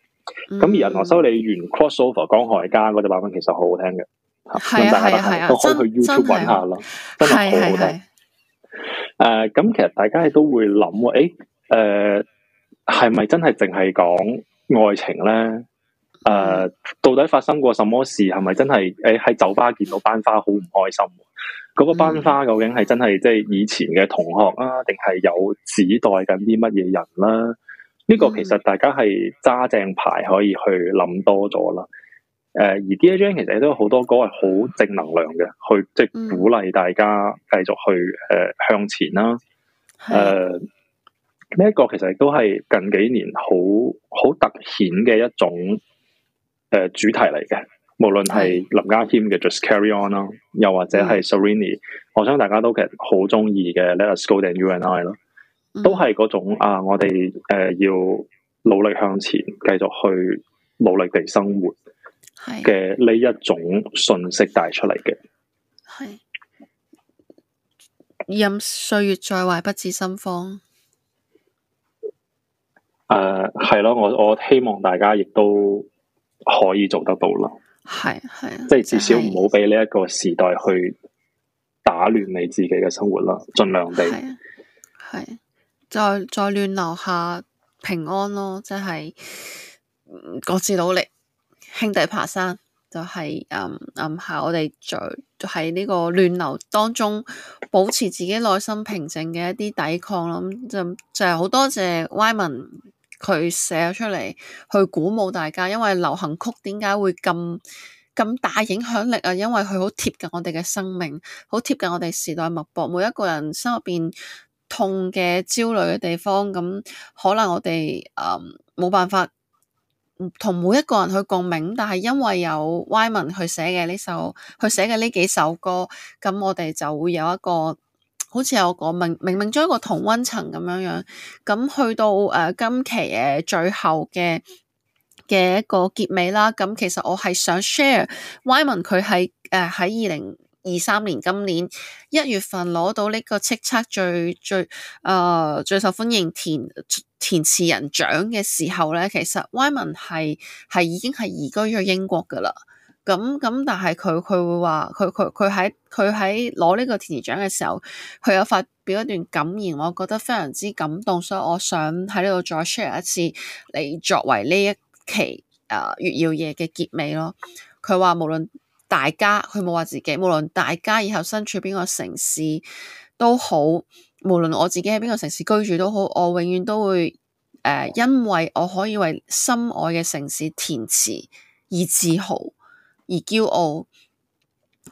咁而銀行修理員 cross over 講海家嗰隻版本，其實好好聽嘅。係啊係啊真真係。真係好好聽誒，咁其實大家亦都會諗喎，誒，誒，係咪真係淨係講愛情咧？誒，到底發生過什麼事？係咪真係誒喺酒吧見到班花好唔開心？嗰個班花究竟係真係即係以前嘅同學啊，定係有指代緊啲乜嘢人啦？呢個其實大家係揸正牌可以去諗多咗啦。誒，而 D. H. J. 其實都有好多歌係好正能量嘅，去即係、就是、鼓勵大家繼續去誒向前啦。誒，呢一個其實都係近幾年好好突顯嘅一種誒、呃、主題嚟嘅。無論係林家謙嘅 Just Carry On 啦、啊，又或者係、嗯、Serenity，我想大家都其實好中意嘅 Let Us Go Then You And I 啦、啊，都係嗰種啊，我哋誒、呃、要努力向前，繼續去努力地生活。嘅呢一種信息帶出嚟嘅，係的任歲月再壞，不至心慌。誒、呃，係咯，我我希望大家亦都可以做得到啦。係係，即係、就是、至少唔好俾呢一個時代去打亂你自己嘅生活啦。盡量地係再再亂留下平安咯，即係各自努力。我兄弟爬山就係、是、嗯暗下、嗯、我哋在喺呢個亂流當中保持自己內心平靜嘅一啲抵抗咯，咁、嗯、就就係好多謝 Wyman 佢寫出嚟去鼓舞大家，因為流行曲點解會咁咁大影響力啊？因為佢好貼近我哋嘅生命，好貼近我哋時代脈搏，每一個人心入邊痛嘅焦慮嘅地方，咁可能我哋嗯冇辦法。同每一個人去共鳴，但係因為有 Wyman 佢寫嘅呢首，佢寫嘅呢幾首歌，咁我哋就會有一個好似有個明明明將一個同温層咁樣樣，咁去到誒、呃、今期誒最後嘅嘅一個結尾啦，咁其實我係想 share Wyman 佢係誒喺二零。 二三年今年一月份攞到呢個叱咤，最最誒、呃、最受歡迎填填詞人獎嘅時候咧，其實 Wyman 係係已經係移居咗英國噶啦。咁咁，但係佢佢會話佢佢佢喺佢喺攞呢個填詞獎嘅時候，佢有發表一段感言，我覺得非常之感動，所以我想喺呢度再 share 一次。你作為呢一期誒粵謠夜嘅結尾咯，佢話無論，大家，佢冇話自己，無論大家以後身處邊個城市都好，無論我自己喺邊個城市居住都好，我永遠都會誒、呃，因為我可以為心愛嘅城市填詞而自豪而驕傲。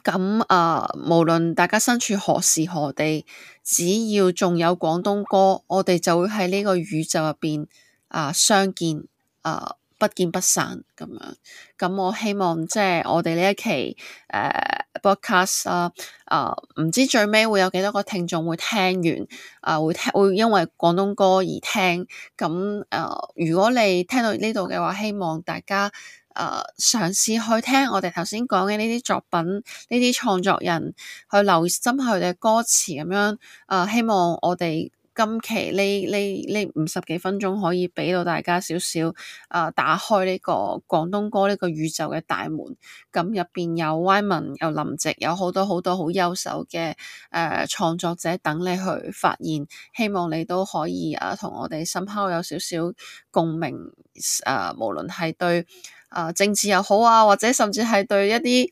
咁啊、呃，無論大家身處何時何地，只要仲有廣東歌，我哋就會喺呢個宇宙入邊啊相見啊。呃不見不散咁樣，咁我希望即係、就是、我哋呢一期誒、uh, broadcast 啊、uh, 唔知最尾會有幾多個聽眾會聽完，啊、uh, 會聽會因為廣東歌而聽，咁啊、uh, 如果你聽到呢度嘅話，希望大家啊、uh, 嘗試去聽我哋頭先講嘅呢啲作品，呢啲創作人去留心佢哋嘅歌詞咁樣，啊、uh, 希望我哋。今期呢呢呢五十幾分鐘可以俾到大家少少啊，打開呢個廣東歌呢個宇宙嘅大門。咁入邊有歪文，有林夕，有好多好多好優秀嘅誒創作者等你去發現。希望你都可以啊，同我哋心口有少少共鳴啊，無論係對啊政治又好啊，或者甚至係對一啲。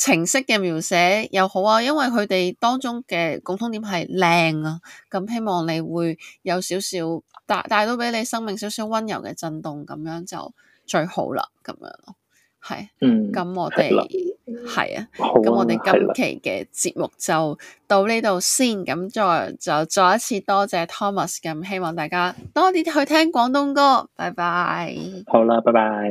情色嘅描寫又好啊，因為佢哋當中嘅共通點係靚啊，咁希望你會有少少帶帶到俾你生命少少溫柔嘅震動，咁樣就最好啦，咁樣咯，係，嗯，咁我哋係啊，咁我哋今期嘅節目就到呢度先，咁再就再一次多謝 Thomas，咁希望大家多啲去聽廣東歌，拜拜，好啦，啊，拜拜。